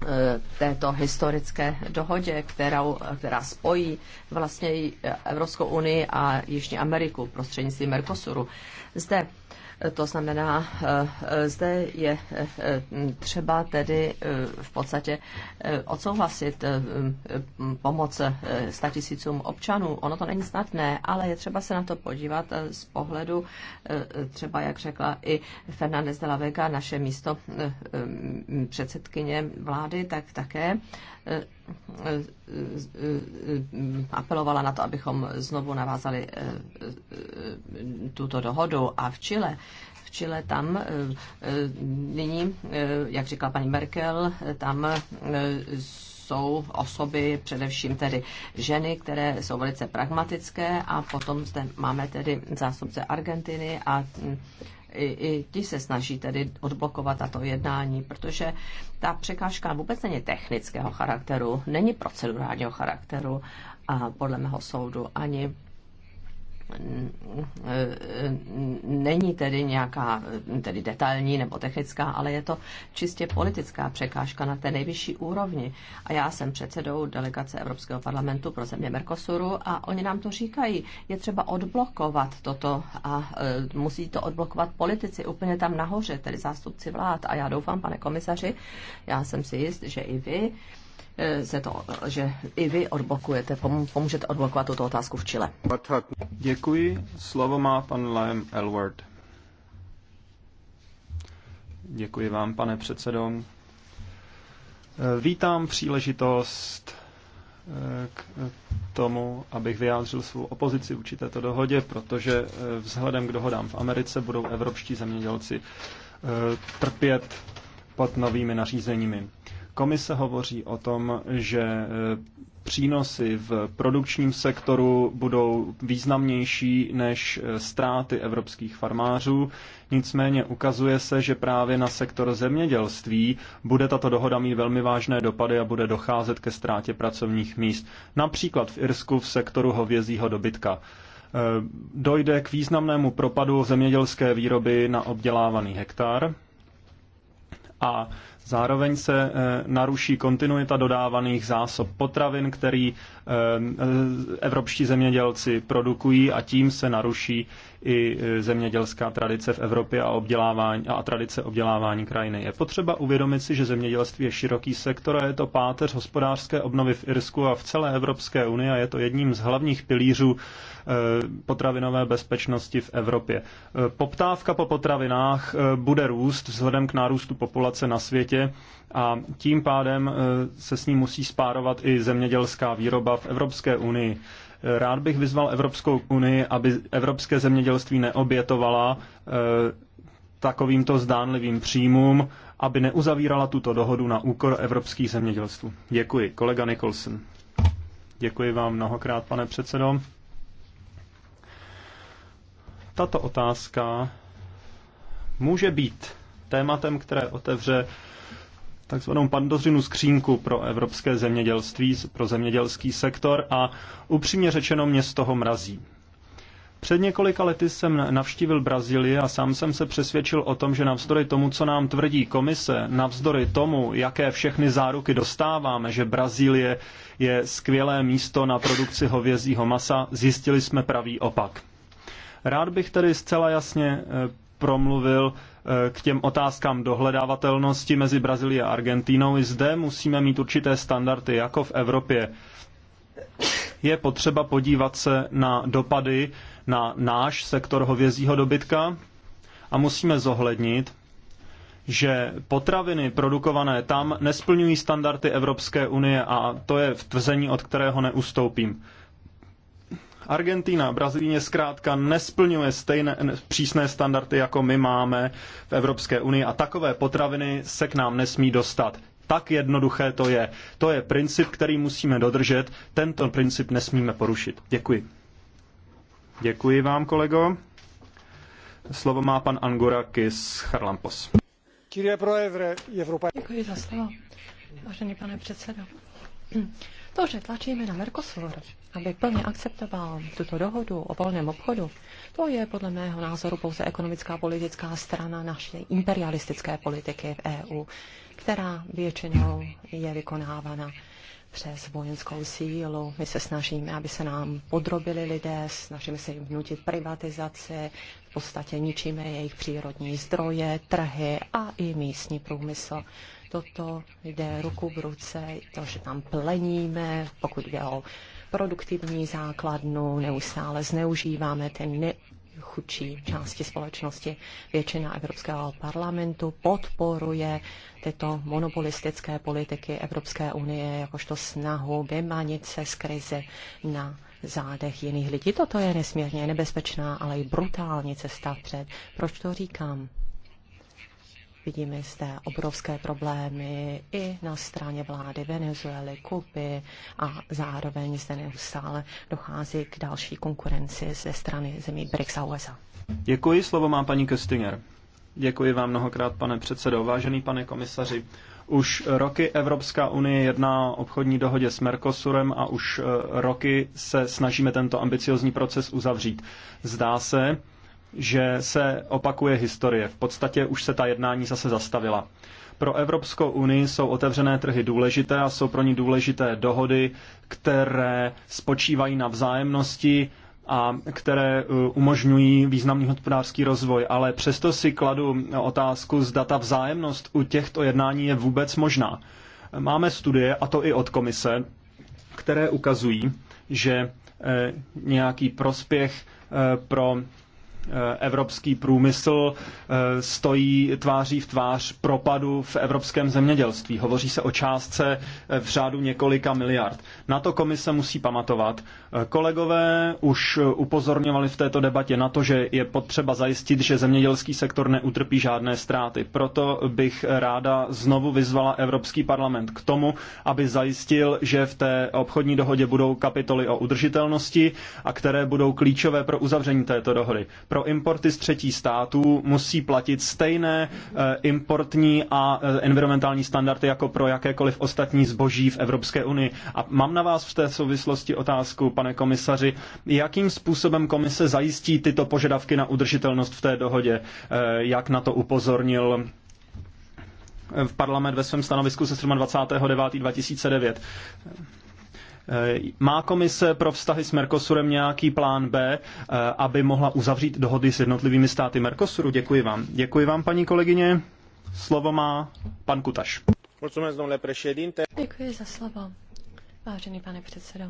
eh, této historické dohodě, kterou, která spojí vlastně Evropskou unii a Jižní Ameriku prostřednictvím Mercosuru. Zde to znamená, eh, zde je eh, třeba tedy eh, v podstatě odsouhlasit pomoc statisícům občanů. Ono to není snadné, ale je třeba se na to podívat z pohledu třeba, jak řekla i Fernández de la Vega, naše místo předsedkyně vlády, tak také apelovala na to, abychom znovu navázali eh, eh, tuto dohodu. A v Chile, v Chile tam eh, nyní, jak říkala paní Merkel, tam jsou osoby, především tedy ženy, které jsou velice pragmatické a potom zde máme tedy zástupce Argentiny a i, i ti se snaží tedy odblokovat tato jednání, protože ta překážka vůbec není technického charakteru, není procedurálního charakteru a podle mého soudu ani není tedy nějaká tedy detailní nebo technická, ale je to čistě politická překážka na té nejvyšší úrovni. A já jsem předsedou delegace Evropského parlamentu pro země Mercosuru a oni nám to říkají. Je třeba odblokovat toto a e, musí to odblokovat politici úplně tam nahoře, tedy zástupci vlád. A já doufám, pane komisaři, já jsem si jist, že i vy Eh, se to, že i vy odblokujete, pomůžete odblokovat tuto otázku v Chile. Děkuji. Slovo má pan Liam Elward. Děkuji vám, pane předsedo. Eh, vítám příležitost eh, k tomu, abych vyjádřil svou opozici vůči této dohodě, protože vzhledem k dohodám v Americe budou evropští zemědělci trpět pod novými nařízeními. Komise hovoří o tom, že e, přínosy v produkčním sektoru budou významnější než e, ztráty evropských farmářů. Nicméně ukazuje se, že právě na sektor zemědělství bude tato dohoda mít velmi vážné dopady a bude docházet ke ztrátě pracovních míst. Například v Irsku v sektoru hovězího dobytka e, dojde k významnému propadu zemědělské výroby na obdělávaný hektar a Zároveň se eh, naruší kontinuita dodávaných zásob potravin, který eh, eh, evropští zemědělci produkují a tím se naruší i e, zemědělská tradice v Evropě a, obdělávání, a tradice obdělávání krajiny. Je potřeba uvědomit si, že zemědělství je široký sektor a je to páteř hospodářské obnovy v Irsku a v celé Evropské unii a je to jedním z hlavních pilířů e, potravinové bezpečnosti v Evropě. E, poptávka po potravinách bude růst vzhledem k nárůstu populace na světě a tím pádem se s ním musí spárovat i zemědělská výroba v Evropské unii. Rád bych vyzval Evropskou unii, aby evropské zemědělství neobětovala eh, takovýmto zdánlivým příjmům, aby neuzavírala tuto dohodu na úkor evropských zemědělství. Děkuji. Kolega Nicholson. Děkuji vám mnohokrát, pane předsedo. Tato otázka může být tématem, které otevře takzvanou pandořinu skřínku pro evropské zemědělství, pro zemědělský sektor a upřímně řečeno mě z toho mrazí. Před několika lety jsem navštívil Brazílii a sám jsem se přesvědčil o tom, že navzdory tomu, co nám tvrdí komise, navzdory tomu, jaké všechny záruky dostáváme, že Brazílie je skvělé místo na produkci hovězího masa, zjistili jsme pravý opak. Rád bych tedy zcela jasně eh, promluvil Eh, k těm otázkám dohledávatelnosti mezi Brazílií a Argentínou. I zde musíme mít určité standardy, jako v Evropě. Je potřeba podívat se na dopady na náš sektor hovězího dobytka a musíme zohlednit, že potraviny produkované tam nesplňují standardy Evropské unie a to je v tvrzení, od kterého neustoupím. Argentina, a Brazílie zkrátka nesplňuje stejné přísné standardy, jako my máme v Evropské unii a takové potraviny se k nám nesmí dostat. Tak jednoduché to je. To je princip, který musíme dodržet. Tento princip nesmíme porušit. Děkuji. Děkuji vám, kolego. Slovo má pan Angourakis Charlampos. Děkuji za slovo. Vážený pane předsedo. To, že tlačíme na Mercosur, aby plně akceptoval tuto dohodu o volném obchodu, to je podle mého názoru pouze ekonomická politická strana naší imperialistické politiky v EU, která většinou je vykonávána přes vojenskou sílu. My se snažíme, aby se nám podrobili lidé, snažíme se jim vnutit privatizaci, v podstatě ničíme jejich přírodní zdroje, trhy a i místní průmysl. Toto jde ruku v ruce, to, že tam pleníme, pokud jde o produktivní základnu, neustále zneužíváme ten ne, chudší části společnosti. Většina Evropského parlamentu podporuje tyto monopolistické politiky Evropské unie jakožto snahu vymanit se z krize na zádech jiných lidí. Toto je nesmírně nebezpečná, ale i brutální cesta před. Proč to říkám? Vidíme zde obrovské problémy i na straně vlády Venezuely, Kuby a zároveň zde neustále dochází k další konkurenci ze strany zemí BRICS a USA. Děkuji, slovo má paní Köstinger. Děkuji vám mnohokrát, pane předsedo. Vážený pane komisaři, už roky Evropská unie jedná o obchodní dohodě s Mercosurem a už eh, roky se snažíme tento ambiciozní proces uzavřít. Zdá se, že se opakuje historie. V podstatě už se ta jednání zase zastavila. Pro Evropskou unii jsou otevřené trhy důležité a jsou pro ní důležité dohody, které spočívají na vzájemnosti a které uh, umožňují významný hospodářský rozvoj. Ale přesto si kladu otázku, zda ta vzájemnost u těchto jednání je vůbec možná. Máme studie, a to i od komise, které ukazují, že eh, nějaký prospěch eh, pro Eh, evropský průmysl eh, stojí tváří v tvář propadu v evropském zemědělství. Hovoří se o částce eh, v řádu několika miliard. Na to komise musí pamatovat. Kolegové už upozorňovali v této debatě na to, že je potřeba zajistit, že zemědělský sektor neutrpí žádné ztráty. Proto bych ráda znovu vyzvala Evropský parlament k tomu, aby zajistil, že v té obchodní dohodě budou kapitoly o udržitelnosti a které budou klíčové pro uzavření této dohody pro importy z třetí států musí platit stejné eh, importní a eh, environmentální standardy jako pro jakékoliv ostatní zboží v Evropské unii. A mám na vás v té souvislosti otázku, pane komisaři, jakým způsobem komise zajistí tyto požadavky na udržitelnost v té dohodě, eh, jak na to upozornil v parlament ve svém stanovisku se 27.9.2009. Eh, má komise pro vztahy s Mercosurem nějaký plán B, eh, aby mohla uzavřít dohody s jednotlivými státy Mercosuru? Děkuji vám. Děkuji vám, paní kolegyně. Slovo má pan Kutaš. Děkuji za slovo, vážený pane předsedo.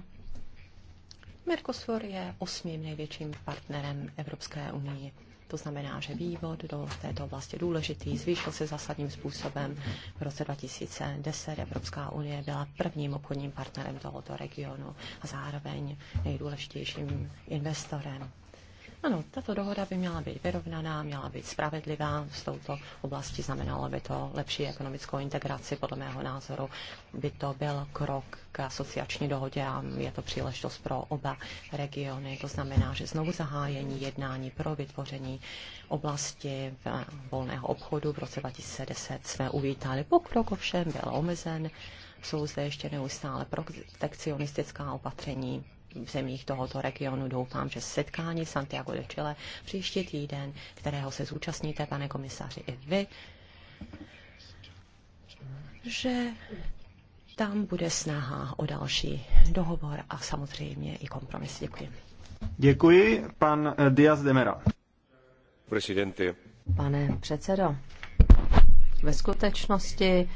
Mercosur je osmým největším partnerem Evropské unie. To znamená, že vývod do této oblasti důležitý zvýšil se zásadním způsobem. V roce 2010 Evropská unie byla prvním obchodním partnerem tohoto regionu a zároveň nejdůležitějším investorem. Ano, tato dohoda by měla být vyrovnaná, měla být spravedlivá z touto oblasti, znamenalo by to lepší ekonomickou integraci. Podle mého názoru by to byl krok k asociační dohodě a je to příležitost pro oba regiony. To znamená, že znovu zahájení jednání pro vytvoření oblasti volného obchodu v roce 2010 jsme uvítali. Pokrok ovšem byl omezen. Jsou zde ještě neustále protekcionistická opatření v zemích tohoto regionu. Doufám, že setkání v Santiago de Chile příští týden, kterého se zúčastníte, pane komisaři, i vy, že tam bude snaha o další dohovor a samozřejmě i kompromis. Děkuji. Děkuji, pan Diaz de Mera. Presidente. Pane předsedo, ve skutečnosti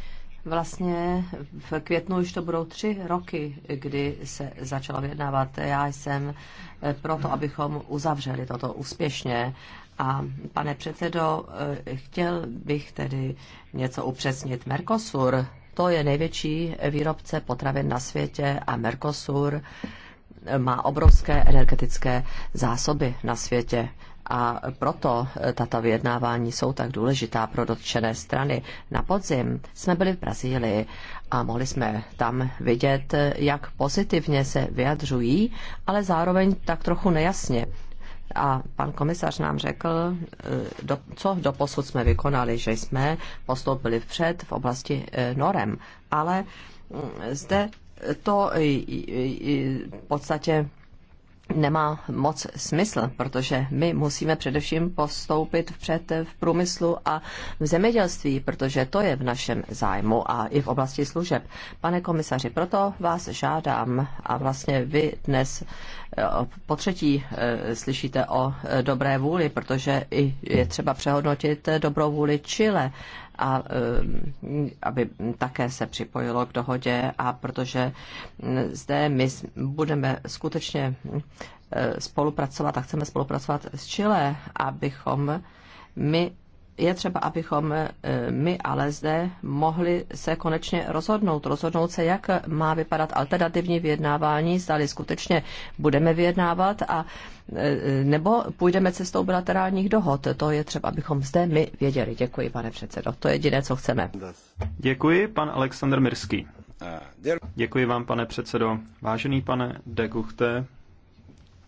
Vlastně v květnu už to budou tři roky, kdy se začalo vyjednávat. Já jsem eh, proto, abychom uzavřeli toto úspěšně. A pane předsedo, eh, chtěl bych tedy něco upřesnit. Mercosur, to je největší výrobce potravin na světě a Mercosur eh, má obrovské energetické zásoby na světě a proto tato vyjednávání jsou tak důležitá pro dotčené strany. Na podzim jsme byli v Brazílii a mohli jsme tam vidět, jak pozitivně se vyjadřují, ale zároveň tak trochu nejasně. A pan komisař nám řekl, eh, do, co jsme vykonali, že jsme postoupili vpřed v oblasti eh, norem. Ale mm, zde to eh, v podstatě nemá moc smysl, protože my musíme především postoupit vpřed v průmyslu a v zemědělství, protože to je v našem zájmu a i v oblasti služeb. Pane komisaři, proto vás žádám a vlastně vy dnes eh, po třetí eh, slyšíte o eh, dobré vůli, protože i je třeba přehodnotit dobrou vůli Chile a eh, aby také se připojilo k dohodě a protože zde my budeme skutečně eh, spolupracovat a chceme spolupracovat s Chile, abychom my je třeba, abychom e, my ale zde mohli se konečně rozhodnout. Rozhodnout se, jak má vypadat alternativní vyjednávání, zdali skutečně budeme vyjednávat a e, nebo půjdeme cestou bilaterálních dohod. To je třeba, abychom zde my věděli. Děkuji, pane předsedo. To je jediné, co chceme. Děkuji, pan Aleksandr Mirský. Děkuji vám, pane předsedo. Vážený pane Deguchte,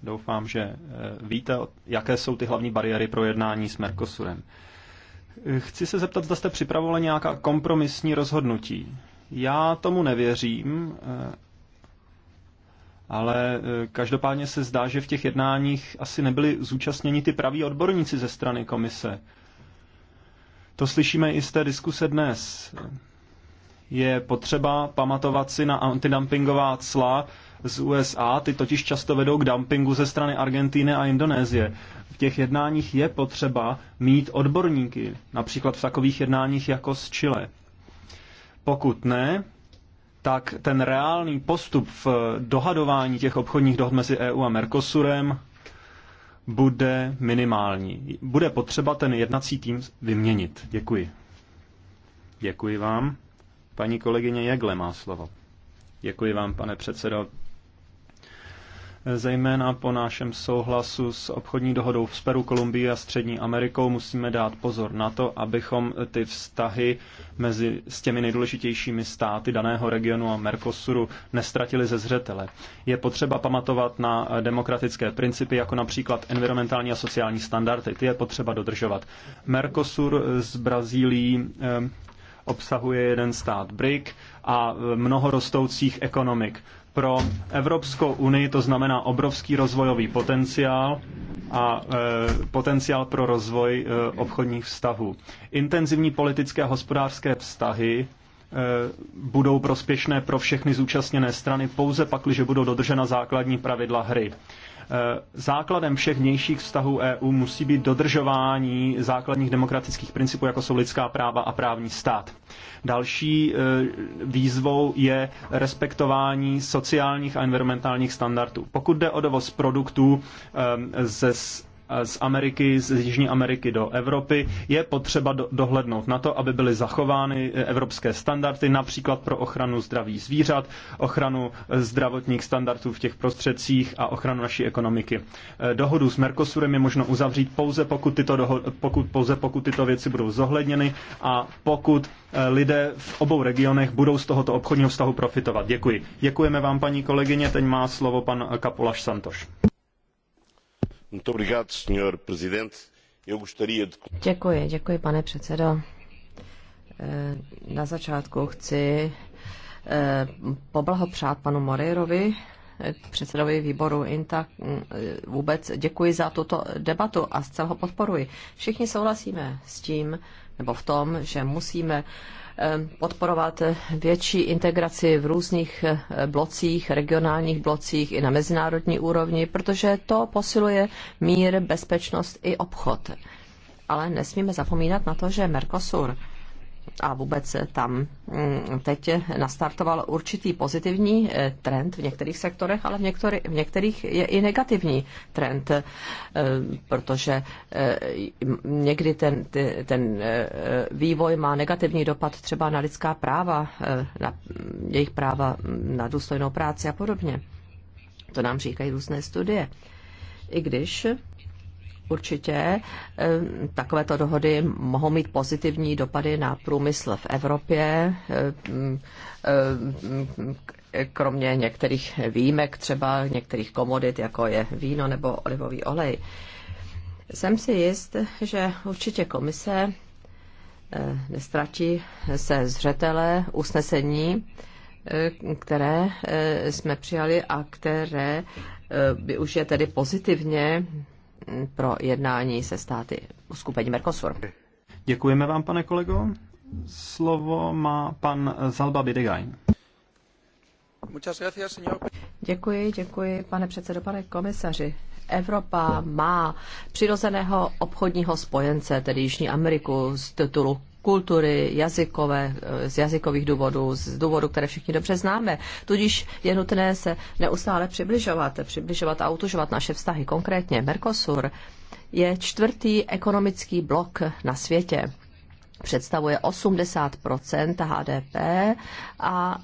doufám, že e, víte, jaké jsou ty hlavní bariéry pro jednání s Mercosurem. Chci se zeptat, zda jste připravovali nějaká kompromisní rozhodnutí. Já tomu nevěřím, eh, ale eh, každopádně se zdá, že v těch jednáních asi nebyli zúčastněni ty praví odborníci ze strany komise. To slyšíme i z té diskuse dnes. Je potřeba pamatovat si na antidumpingová cla, z USA, ty totiž často vedou k dumpingu ze strany Argentíny a Indonésie. V těch jednáních je potřeba mít odborníky, například v takových jednáních jako z Chile. Pokud ne, tak ten reálný postup v dohadování těch obchodních dohod mezi EU a Mercosurem bude minimální. Bude potřeba ten jednací tým vyměnit. Děkuji. Děkuji vám. Paní kolegyně Jegle, má slovo. Děkuji vám, pane předsedo. Zejména po našem souhlasu s obchodní dohodou v Peru, Kolumbií a Střední Amerikou musíme dát pozor na to, abychom ty vztahy mezi s těmi nejdůležitějšími státy daného regionu a Mercosuru nestratili ze zřetele. Je potřeba pamatovat na demokratické principy, jako například environmentální a sociální standardy. Ty je potřeba dodržovat. Mercosur z Brazílií eh, obsahuje jeden stát BRIC a eh, mnoho rostoucích ekonomik pro Evropskou unii to znamená obrovský rozvojový potenciál a e, potenciál pro rozvoj e, obchodních vztahů. Intenzivní politické a hospodářské vztahy e, budou prospěšné pro všechny zúčastněné strany pouze pak, když budou dodržena základní pravidla hry. Eh, základem všech vnějších vztahů EU musí být dodržování základních demokratických principů, jako jsou lidská práva a právní stát. Další eh, výzvou je respektování sociálních a environmentálních standardů. Pokud jde o dovoz produktů eh, ze z Ameriky, z Jižní Ameriky do Evropy, je potřeba do, dohlednout na to, aby byly zachovány eh, evropské standardy, například pro ochranu zdraví zvířat, ochranu eh, zdravotních standardů v těch prostředcích a ochranu naší ekonomiky. Eh, dohodu s Mercosurem je možno uzavřít pouze pokud tyto, pokud, pouze pokud tyto věci budou zohledněny a pokud lidé v obou regionech budou z tohoto obchodního vztahu profitovat. Děkuji. Děkujeme vám, paní kolegyně. Teď má slovo pan Kapolaš Santoš. Děkuji, děkuji, pane předsedo. Eh, na začátku chci eh, poblahopřát panu Moreirovi, eh, předsedovi výboru INTA. Vůbec děkuji za tuto debatu a zcela ho podporuji. Všichni souhlasíme s tím, nebo v tom, že musíme Eh, podporovat větší integraci v různých eh, blocích, regionálních blocích i na mezinárodní úrovni, protože to posiluje mír, bezpečnost i obchod. Ale nesmíme zapomínat na to, že Mercosur a vůbec tam mm, teď nastartoval určitý pozitivní eh, trend v některých sektorech, ale v, v některých je i negativní trend, eh, protože eh, někdy ten, ten vývoj má negativní dopad třeba na lidská práva, na jejich práva mm, na důstojnou práci a podobně. To nám říkají různé studie. I když určitě eh, takovéto dohody mohou mít pozitivní dopady na průmysl v Evropě, eh, mm, eh, kromě některých výjimek, třeba některých komodit, jako je víno nebo olivový olej. Jsem si jist, že určitě komise nestratí se zřetele usnesení, které jsme přijali a které využije tedy pozitivně pro jednání se státy skupení Mercosur. Děkujeme vám, pane kolego. Slovo má pan Zalba Bidegain. Děkuji, děkuji, pane předsedo, pane komisaři. Evropa má přirozeného obchodního spojence, tedy Jižní Ameriku, z titulu kultury, jazykové, z jazykových důvodů, z důvodů, které všichni dobře známe. Tudíž je nutné se neustále přibližovat, přibližovat a utužovat naše vztahy. Konkrétně Mercosur je čtvrtý ekonomický blok na světě představuje 80 HDP a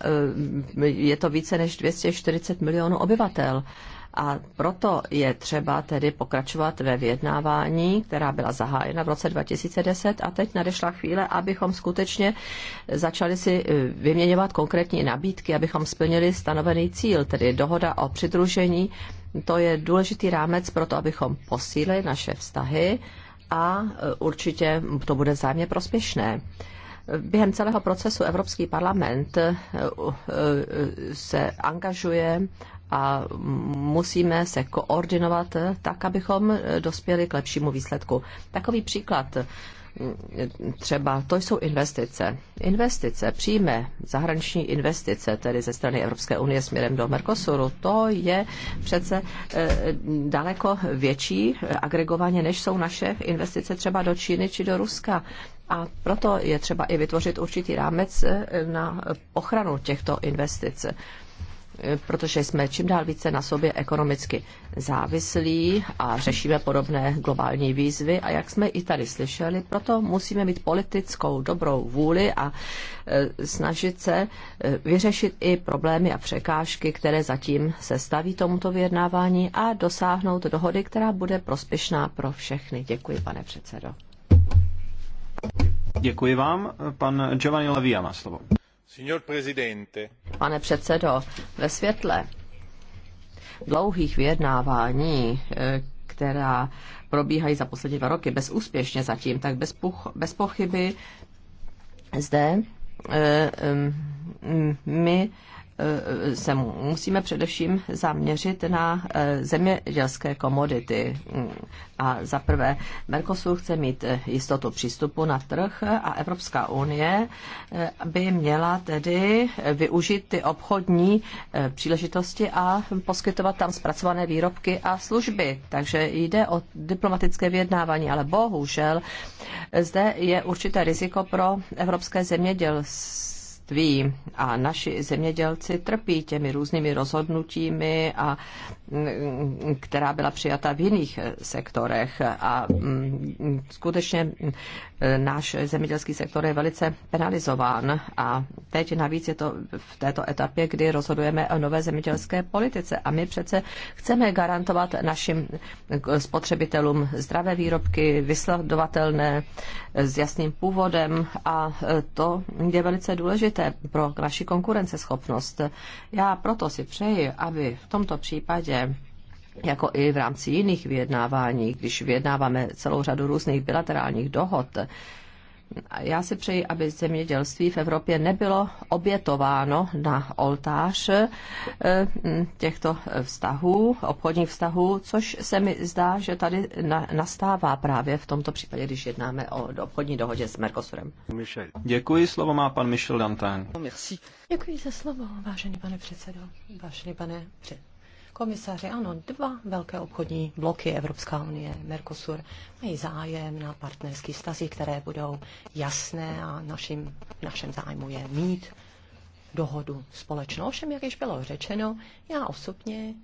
e, je to více než 240 milionů obyvatel. A proto je třeba tedy pokračovat ve vyjednávání, která byla zahájena v roce 2010 a teď nadešla chvíle, abychom skutečně začali si eh, vyměňovat konkrétní nabídky, abychom splnili stanovený cíl, tedy dohoda o přidružení. To je důležitý rámec pro to, abychom posílili naše vztahy a eh, určitě to bude zájemně prospěšné. Během celého procesu Evropský parlament eh, se angažuje a musíme se koordinovat tak, abychom dospěli k lepšímu výsledku. Takový příklad třeba, to jsou investice. Investice, přímé zahraniční investice, tedy ze strany Evropské unie směrem do Mercosuru, to je přece eh, daleko větší eh, agregovaně, než jsou naše investice třeba do Číny či do Ruska. A proto je třeba i vytvořit určitý rámec eh, na ochranu těchto investic protože jsme čím dál více na sobě ekonomicky závislí a řešíme podobné globální výzvy. A jak jsme i tady slyšeli, proto musíme mít politickou dobrou vůli a e, snažit se e, vyřešit i problémy a překážky, které zatím se staví tomuto vyjednávání a dosáhnout dohody, která bude prospěšná pro všechny. Děkuji, pane předsedo. Děkuji vám. Pan Giovanni Lavia, má slovo. Pane předsedo, ve světle dlouhých vyjednávání, eh, která probíhají za poslední dva roky bezúspěšně zatím, tak bez, bez pochyby zde eh, eh, my Eh, se musíme především zaměřit na eh, zemědělské komodity. Mm. A za prvé, Mercosur chce mít eh, jistotu přístupu na trh a Evropská unie by měla tedy využít ty obchodní příležitosti a poskytovat tam zpracované výrobky a služby. Takže jde o diplomatické vyjednávání, ale bohužel zde je určité riziko pro evropské zemědělství zemědělství a naši zemědělci trpí těmi různými rozhodnutími a která byla přijata v jiných eh, sektorech. A mm, skutečně eh, náš zemědělský sektor je velice penalizován. A teď navíc je to v této etapě, kdy rozhodujeme o nové zemědělské politice. A my přece chceme garantovat našim eh, spotřebitelům zdravé výrobky, vysledovatelné, s jasným původem. A to je velice důležité pro naši konkurenceschopnost. Já proto si přeji, aby v tomto případě stejně jako i v rámci jiných vyjednávání, když vyjednáváme celou řadu různých bilaterálních dohod, já si přeji, aby zemědělství v Evropě nebylo obětováno na oltář eh, těchto vztahů, obchodních vztahů, což se mi zdá, že tady nastává právě v tomto případě, když jednáme o obchodní dohodě s Mercosurem. Michel. Děkuji, slovo má pan Michel Dantin. Děkuji za slovo, vážený pane předsedo, vážený pane předsedo komisaři, ano, dva velké obchodní bloky Evropská unie, Mercosur, mají zájem na partnerský stazích, které budou jasné a našim, našem zájmu je mít dohodu společnou. Ovšem, jak již bylo řečeno, já osobně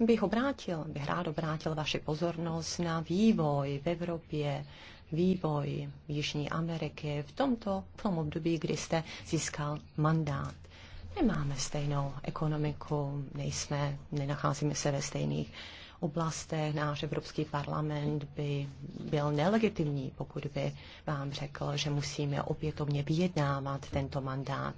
bych obrátil, bych rád obrátil vaši pozornost na vývoj v Evropě, vývoj Jižní Ameriky v tomto v tom období, kdy jste získal mandát. Nemáme stejnou ekonomiku, nejsme, nenacházíme se ve stejných oblastech. Náš Evropský parlament by byl nelegitimní, pokud by vám řekl, že musíme opětovně vyjednávat tento mandát.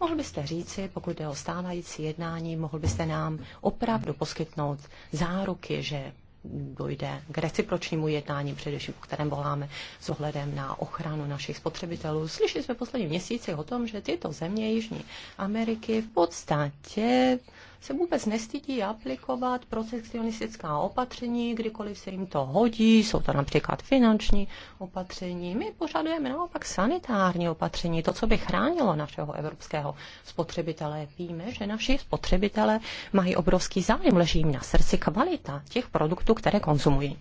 Mohl byste říci, pokud jde o stávající jednání, mohl byste nám opravdu poskytnout záruky, že dojde k recipročnímu jednání, především o kterém voláme s ohledem na ochranu našich spotřebitelů. Slyšeli jsme poslední měsíci o tom, že tyto země Jižní Ameriky v podstatě se vůbec nestydí aplikovat protekcionistická opatření, kdykoliv se jim to hodí, jsou to například finanční opatření. My požadujeme naopak sanitární opatření, to, co by chránilo našeho evropského spotřebitele. Víme, že naši spotřebitele mají obrovský zájem, leží jim na srdci kvalita těch produktů, které konzumují.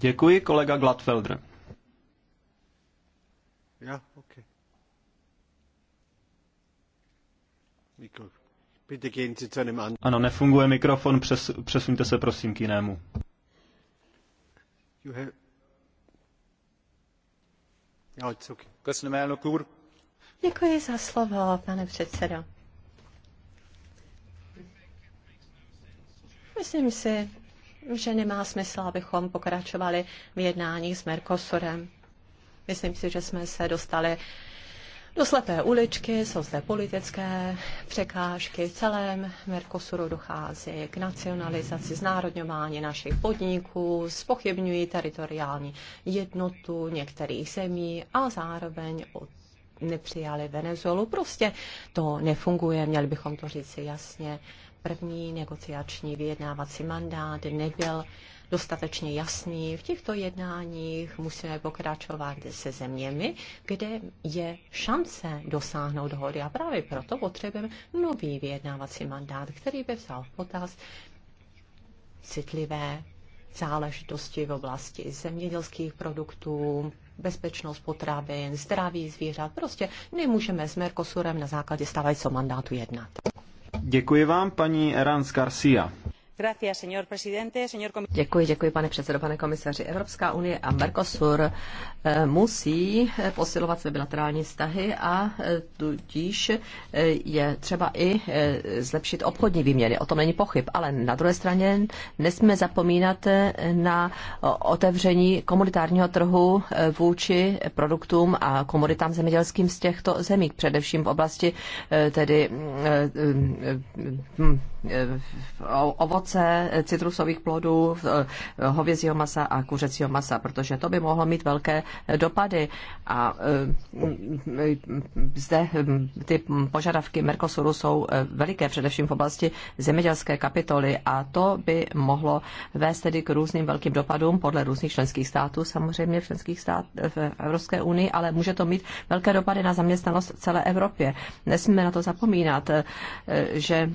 Děkuji, kolega Gladfelder. Ja, okay. Mikro. Ano, nefunguje mikrofon, přes, přesuňte se prosím k jinému. No, Děkuji za slovo, pane předsedo. Myslím si, že nemá smysl, abychom pokračovali v jednání s Mercosurem. Myslím si, že jsme se dostali do slepé uličky, jsou zde politické překážky, v celém Mercosuru dochází k nacionalizaci, znárodňování našich podniků, spochybňují teritoriální jednotu některých zemí a zároveň od nepřijali Venezuelu. Prostě to nefunguje, měli bychom to říci jasně. První negociační vyjednávací mandát nebyl dostatečně jasný. V těchto jednáních musíme pokračovat se zeměmi, kde je šance dosáhnout dohody. A právě proto potřebujeme nový vyjednávací mandát, který by vzal v potaz citlivé záležitosti v oblasti zemědělských produktů, bezpečnost potravin, zdraví zvířat. Prostě nemůžeme s Mercosurem na základě stávajícího mandátu jednat. Děkuji vám, paní Erans Garcia. Děkuji, děkuji, pane předsedající, pane komisaři. Evropská unie a Mercosur eh, musí eh, posilovat své bilaterální vztahy a eh, tudíž je třeba i zlepšit obchodní výměny. O tom není pochyb, ale na druhé straně nesmíme zapomínat na otevření komunitárního trhu vůči produktům a komoditám zemědělským z těchto zemí, především v oblasti tedy mm, mm, mm, Eh, ovoce citrusových plodů, eh, hovězího masa a kuřecího masa, protože to by mohlo mít velké eh, dopady. A zde hm, ty požadavky Mercosuru jsou veliké, především v oblasti zemědělské kapitoly a to by mohlo vést tedy k různým velkým dopadům podle různých členských států, samozřejmě v členských stát v Evropské unii, ale může to mít velké dopady na zaměstnanost v celé Evropě. Nesmíme na to zapomínat, že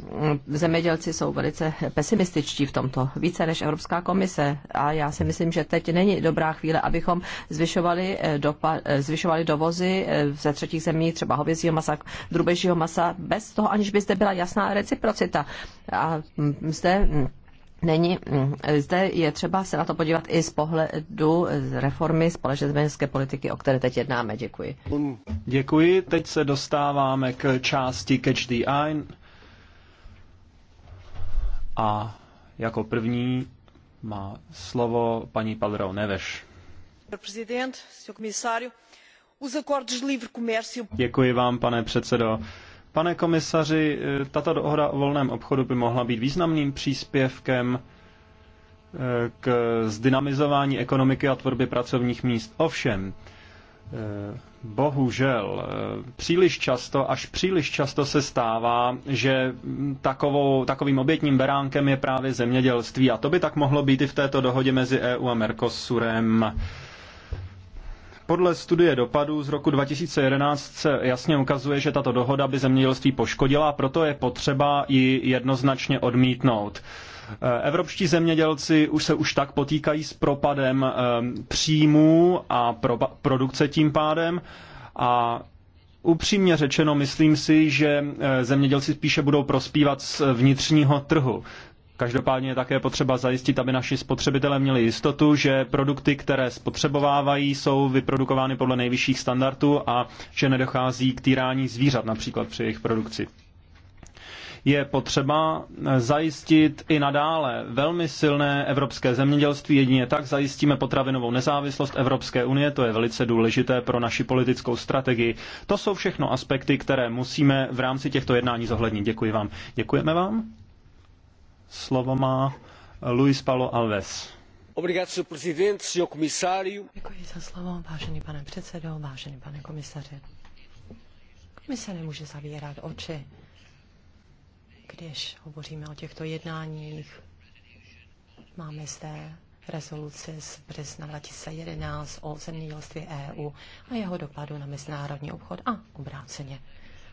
země zemědělci jsou velice pesimističtí v tomto, více než Evropská komise. A já si myslím, že teď není dobrá chvíle, abychom zvyšovali, eh, dopa, eh, zvyšovali dovozy eh, ze třetích zemí, třeba hovězího masa, drubežího masa, bez toho, aniž by zde byla jasná reciprocita. A mm, zde mm, Není. Mm, zde je třeba se na to podívat i z pohledu reformy společenské politiky, o které teď jednáme. Děkuji. Děkuji. Teď se dostáváme k části Catch the Eye. A jako první má slovo paní Padrou Neveš. Děkuji vám, pane předsedo. Pane komisaři, eh, tato dohoda o volném obchodu by mohla být významným příspěvkem eh, k zdynamizování ekonomiky a tvorbě pracovních míst. Ovšem, eh, bohužel eh, příliš často, až příliš často se stává, že takovou, takovým obětním beránkem je právě zemědělství. A to by tak mohlo být i v této dohodě mezi EU a Mercosurem. Podle studie dopadů z roku 2011 se jasně ukazuje, že tato dohoda by zemědělství poškodila, proto je potřeba ji jednoznačně odmítnout. E, evropští zemědělci už se už tak potýkají s propadem e, příjmů a produkce tím pádem a upřímně řečeno, myslím si, že e, zemědělci spíše budou prospívat z vnitřního trhu. Každopádně je také potřeba zajistit, aby naši spotřebitelé měli jistotu, že produkty, které spotřebovávají, jsou vyprodukovány podle nejvyšších standardů a že nedochází k týrání zvířat například při jejich produkci je potřeba zajistit i nadále velmi silné evropské zemědělství. Jedině tak zajistíme potravinovou nezávislost Evropské unie, to je velice důležité pro naši politickou strategii. To jsou všechno aspekty, které musíme v rámci těchto jednání zohlednit. Děkuji vám. Děkujeme vám. Slovo má Luis Paulo Alves. Děkuji za slovo, vážený pane předsedo, vážený pane komisaři. Komise nemůže zavírat oči, když hovoříme o těchto jednáních. Máme zde rezoluci z března 2011 o zemědělství EU a jeho dopadu na mezinárodní obchod a obráceně.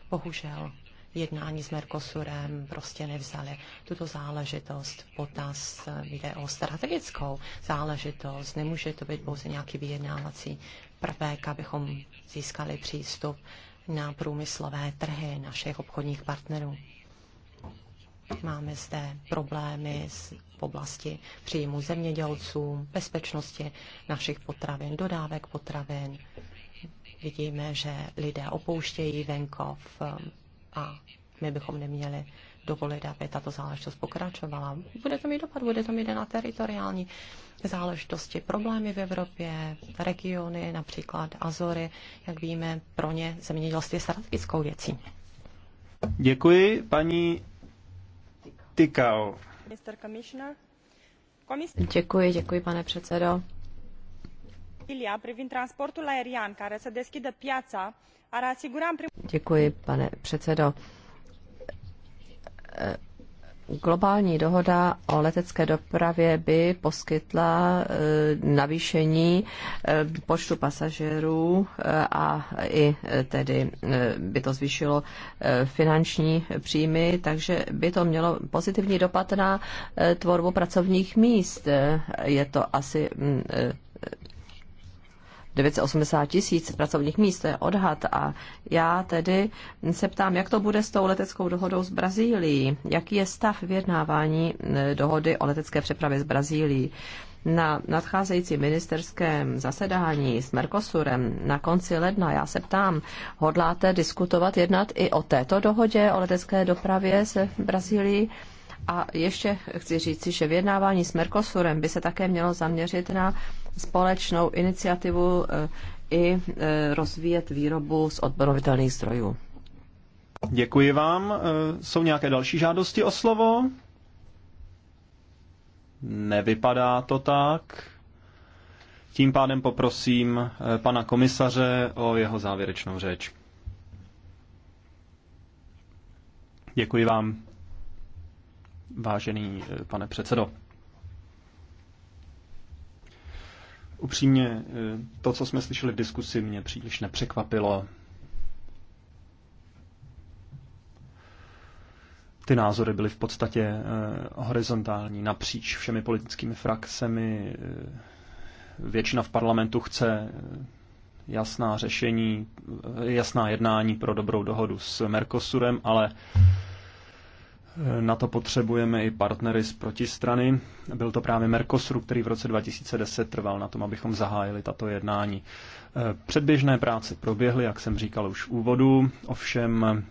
Bohužel jednání s Mercosurem prostě nevzali tuto záležitost potaz. Jde o strategickou záležitost. Nemůže to být pouze nějaký vyjednávací prvek, abychom získali přístup na průmyslové trhy našich obchodních partnerů. Máme zde problémy v oblasti příjmu zemědělců, bezpečnosti našich potravin, dodávek potravin. Vidíme, že lidé opouštějí venkov, a my bychom neměli dovolit, aby tato záležitost pokračovala. Bude to mít dopad, bude to mít na teritoriální záležitosti, problémy v Evropě, regiony, například Azory, jak víme, pro ně zemědělství je strategickou věcí. Děkuji, paní Tykao. Děkuji, děkuji, pane předsedo. Ilia privind transportul aerian care să deschidă piața ar asigura în primul Děkuji, pane předsedo. Globální dohoda o letecké dopravě by poskytla eh, navýšení eh, počtu pasažérů eh, a i tedy by to zvýšilo finanční příjmy, takže by to mělo pozitivní dopad na tvorbu pracovních míst. Je to asi mm, 980 tisíc pracovních míst, to je odhad. A já tedy se ptám, jak to bude s tou leteckou dohodou s Brazílií? Jaký je stav vyjednávání e, dohody o letecké přepravě s Brazílií? Na nadcházející ministerském zasedání s Mercosurem na konci ledna, já se ptám, hodláte diskutovat, jednat i o této dohodě o letecké dopravě se Brazílií? A ještě chci říci, že vyjednávání s Mercosurem by se také mělo zaměřit na společnou iniciativu eh, i eh, rozvíjet výrobu z odborovitelných zdrojů. Děkuji vám. Eh, jsou nějaké další žádosti o slovo? Nevypadá to tak. Tím pádem poprosím pana komisaře o jeho závěrečnou řeč. Děkuji vám, vážený pane předsedo. Upřímně, eh, to, co jsme slyšeli v diskusi, mě příliš nepřekvapilo. Ty názory byly v podstatě eh, horizontální napříč všemi politickými frakcemi. Eh, většina v parlamentu chce jasná řešení, jasná jednání pro dobrou dohodu s Mercosurem, ale na to potřebujeme i partnery z protistrany. Byl to právě Mercosur, který v roce 2010 trval na tom, abychom zahájili tato jednání. Předběžné práce proběhly, jak jsem říkal už v úvodu, ovšem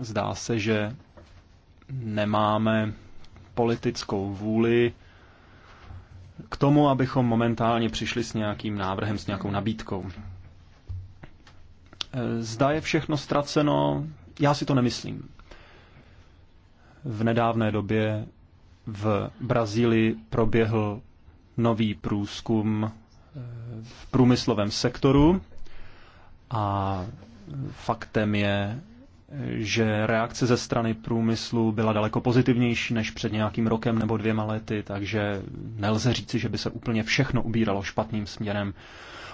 zdá se, že nemáme politickou vůli k tomu, abychom momentálně přišli s nějakým návrhem, s nějakou nabídkou. Zda je všechno ztraceno? Já si to nemyslím v nedávné době v Brazílii proběhl nový průzkum eh, v průmyslovém sektoru a faktem je, že reakce ze strany průmyslu byla daleko pozitivnější než před nějakým rokem nebo dvěma lety, takže nelze říci, že by se úplně všechno ubíralo špatným směrem.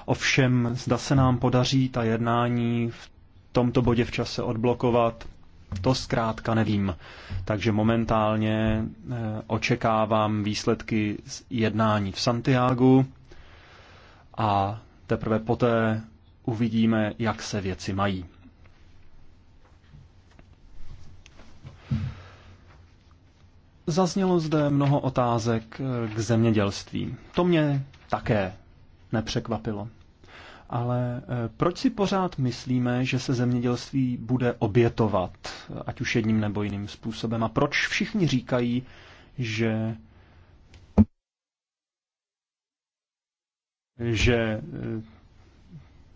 Ovšem, zda se nám podaří ta jednání v tomto bodě v čase odblokovat, to zkrátka nevím. Takže momentálně eh, očekávám výsledky z jednání v Santiagu a teprve poté uvidíme, jak se věci mají. Zaznělo zde mnoho otázek eh, k zemědělství. To mě také nepřekvapilo. Ale eh, proč si pořád myslíme, že se zemědělství bude obětovat, eh, ať už jedním nebo jiným způsobem? A proč všichni říkají, že že eh,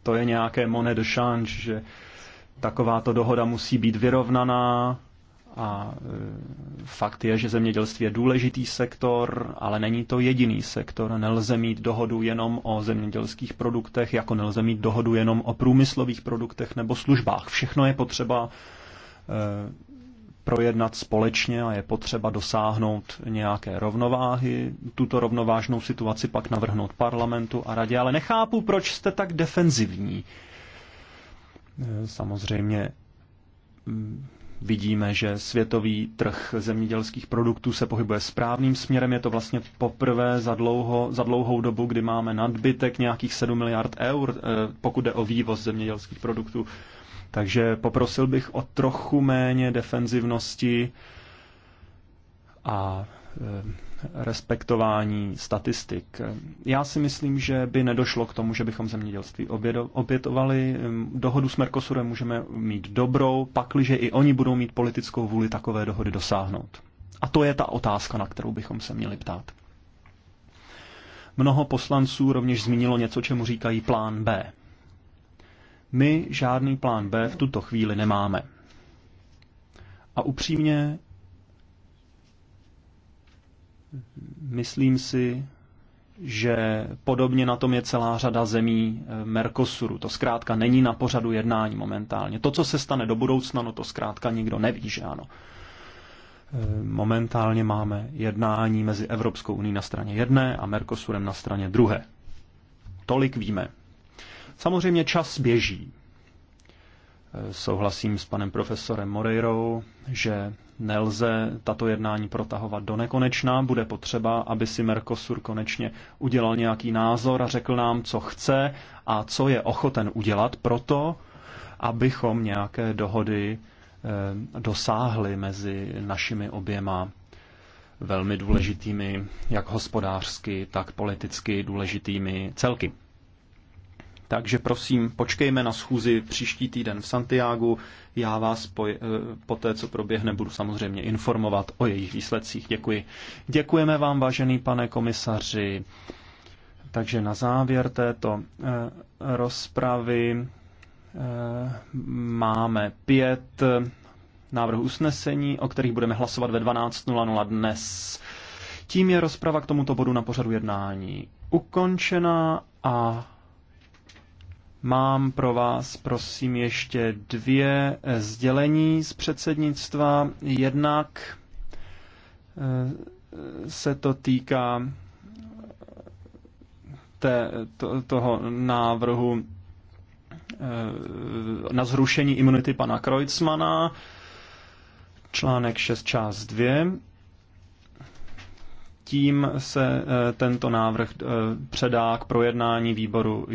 to je nějaké monet de change, že takováto dohoda musí být vyrovnaná, a e, fakt je, že zemědělství je důležitý sektor, ale není to jediný sektor. Nelze mít dohodu jenom o zemědělských produktech, jako nelze mít dohodu jenom o průmyslových produktech nebo službách. Všechno je potřeba e, projednat společně a je potřeba dosáhnout nějaké rovnováhy. Tuto rovnovážnou situaci pak navrhnout parlamentu a radě, ale nechápu, proč jste tak defenzivní. E, samozřejmě Vidíme, že světový trh zemědělských produktů se pohybuje správným směrem. Je to vlastně poprvé za, dlouho, za dlouhou dobu, kdy máme nadbytek nějakých 7 miliard eur, eh, pokud jde o vývoz zemědělských produktů. Takže poprosil bych o trochu méně defenzivnosti a eh, respektování statistik. Já si myslím, že by nedošlo k tomu, že bychom zemědělství obětovali. Dohodu s Mercosurem můžeme mít dobrou, pakliže i oni budou mít politickou vůli takové dohody dosáhnout. A to je ta otázka, na kterou bychom se měli ptát. Mnoho poslanců rovněž zmínilo něco, čemu říkají plán B. My žádný plán B v tuto chvíli nemáme. A upřímně Myslím si, že podobně na tom je celá řada zemí eh, Mercosuru. To zkrátka není na pořadu jednání momentálně. To, co se stane do budoucna, no to zkrátka nikdo neví, že ano. Eh, momentálně máme jednání mezi Evropskou uní na straně jedné a Mercosurem na straně druhé. Tolik víme. Samozřejmě čas běží. Eh, souhlasím s panem profesorem Moreirou, že Nelze tato jednání protahovat do nekonečna, bude potřeba, aby si Mercosur konečně udělal nějaký názor a řekl nám, co chce a co je ochoten udělat proto, abychom nějaké dohody eh, dosáhli mezi našimi oběma velmi důležitými, jak hospodářsky, tak politicky důležitými celky. Takže prosím, počkejme na schůzi příští týden v Santiagu. Já vás po, eh, po té, co proběhne, budu samozřejmě informovat o jejich výsledcích. Děkuji. Děkujeme vám, vážený pane komisaři. Takže na závěr této eh, rozpravy eh, máme pět návrhů usnesení, o kterých budeme hlasovat ve 12.00 dnes. Tím je rozprava k tomuto bodu na pořadu jednání ukončena a Mám pro vás, prosím, ještě dvě eh, sdělení z předsednictva. Jednak eh, se to týká eh, té, to, toho návrhu na zrušení imunity pana Kreutzmana, článek 6, část 2 tím se tento návrh předá k projednání výboru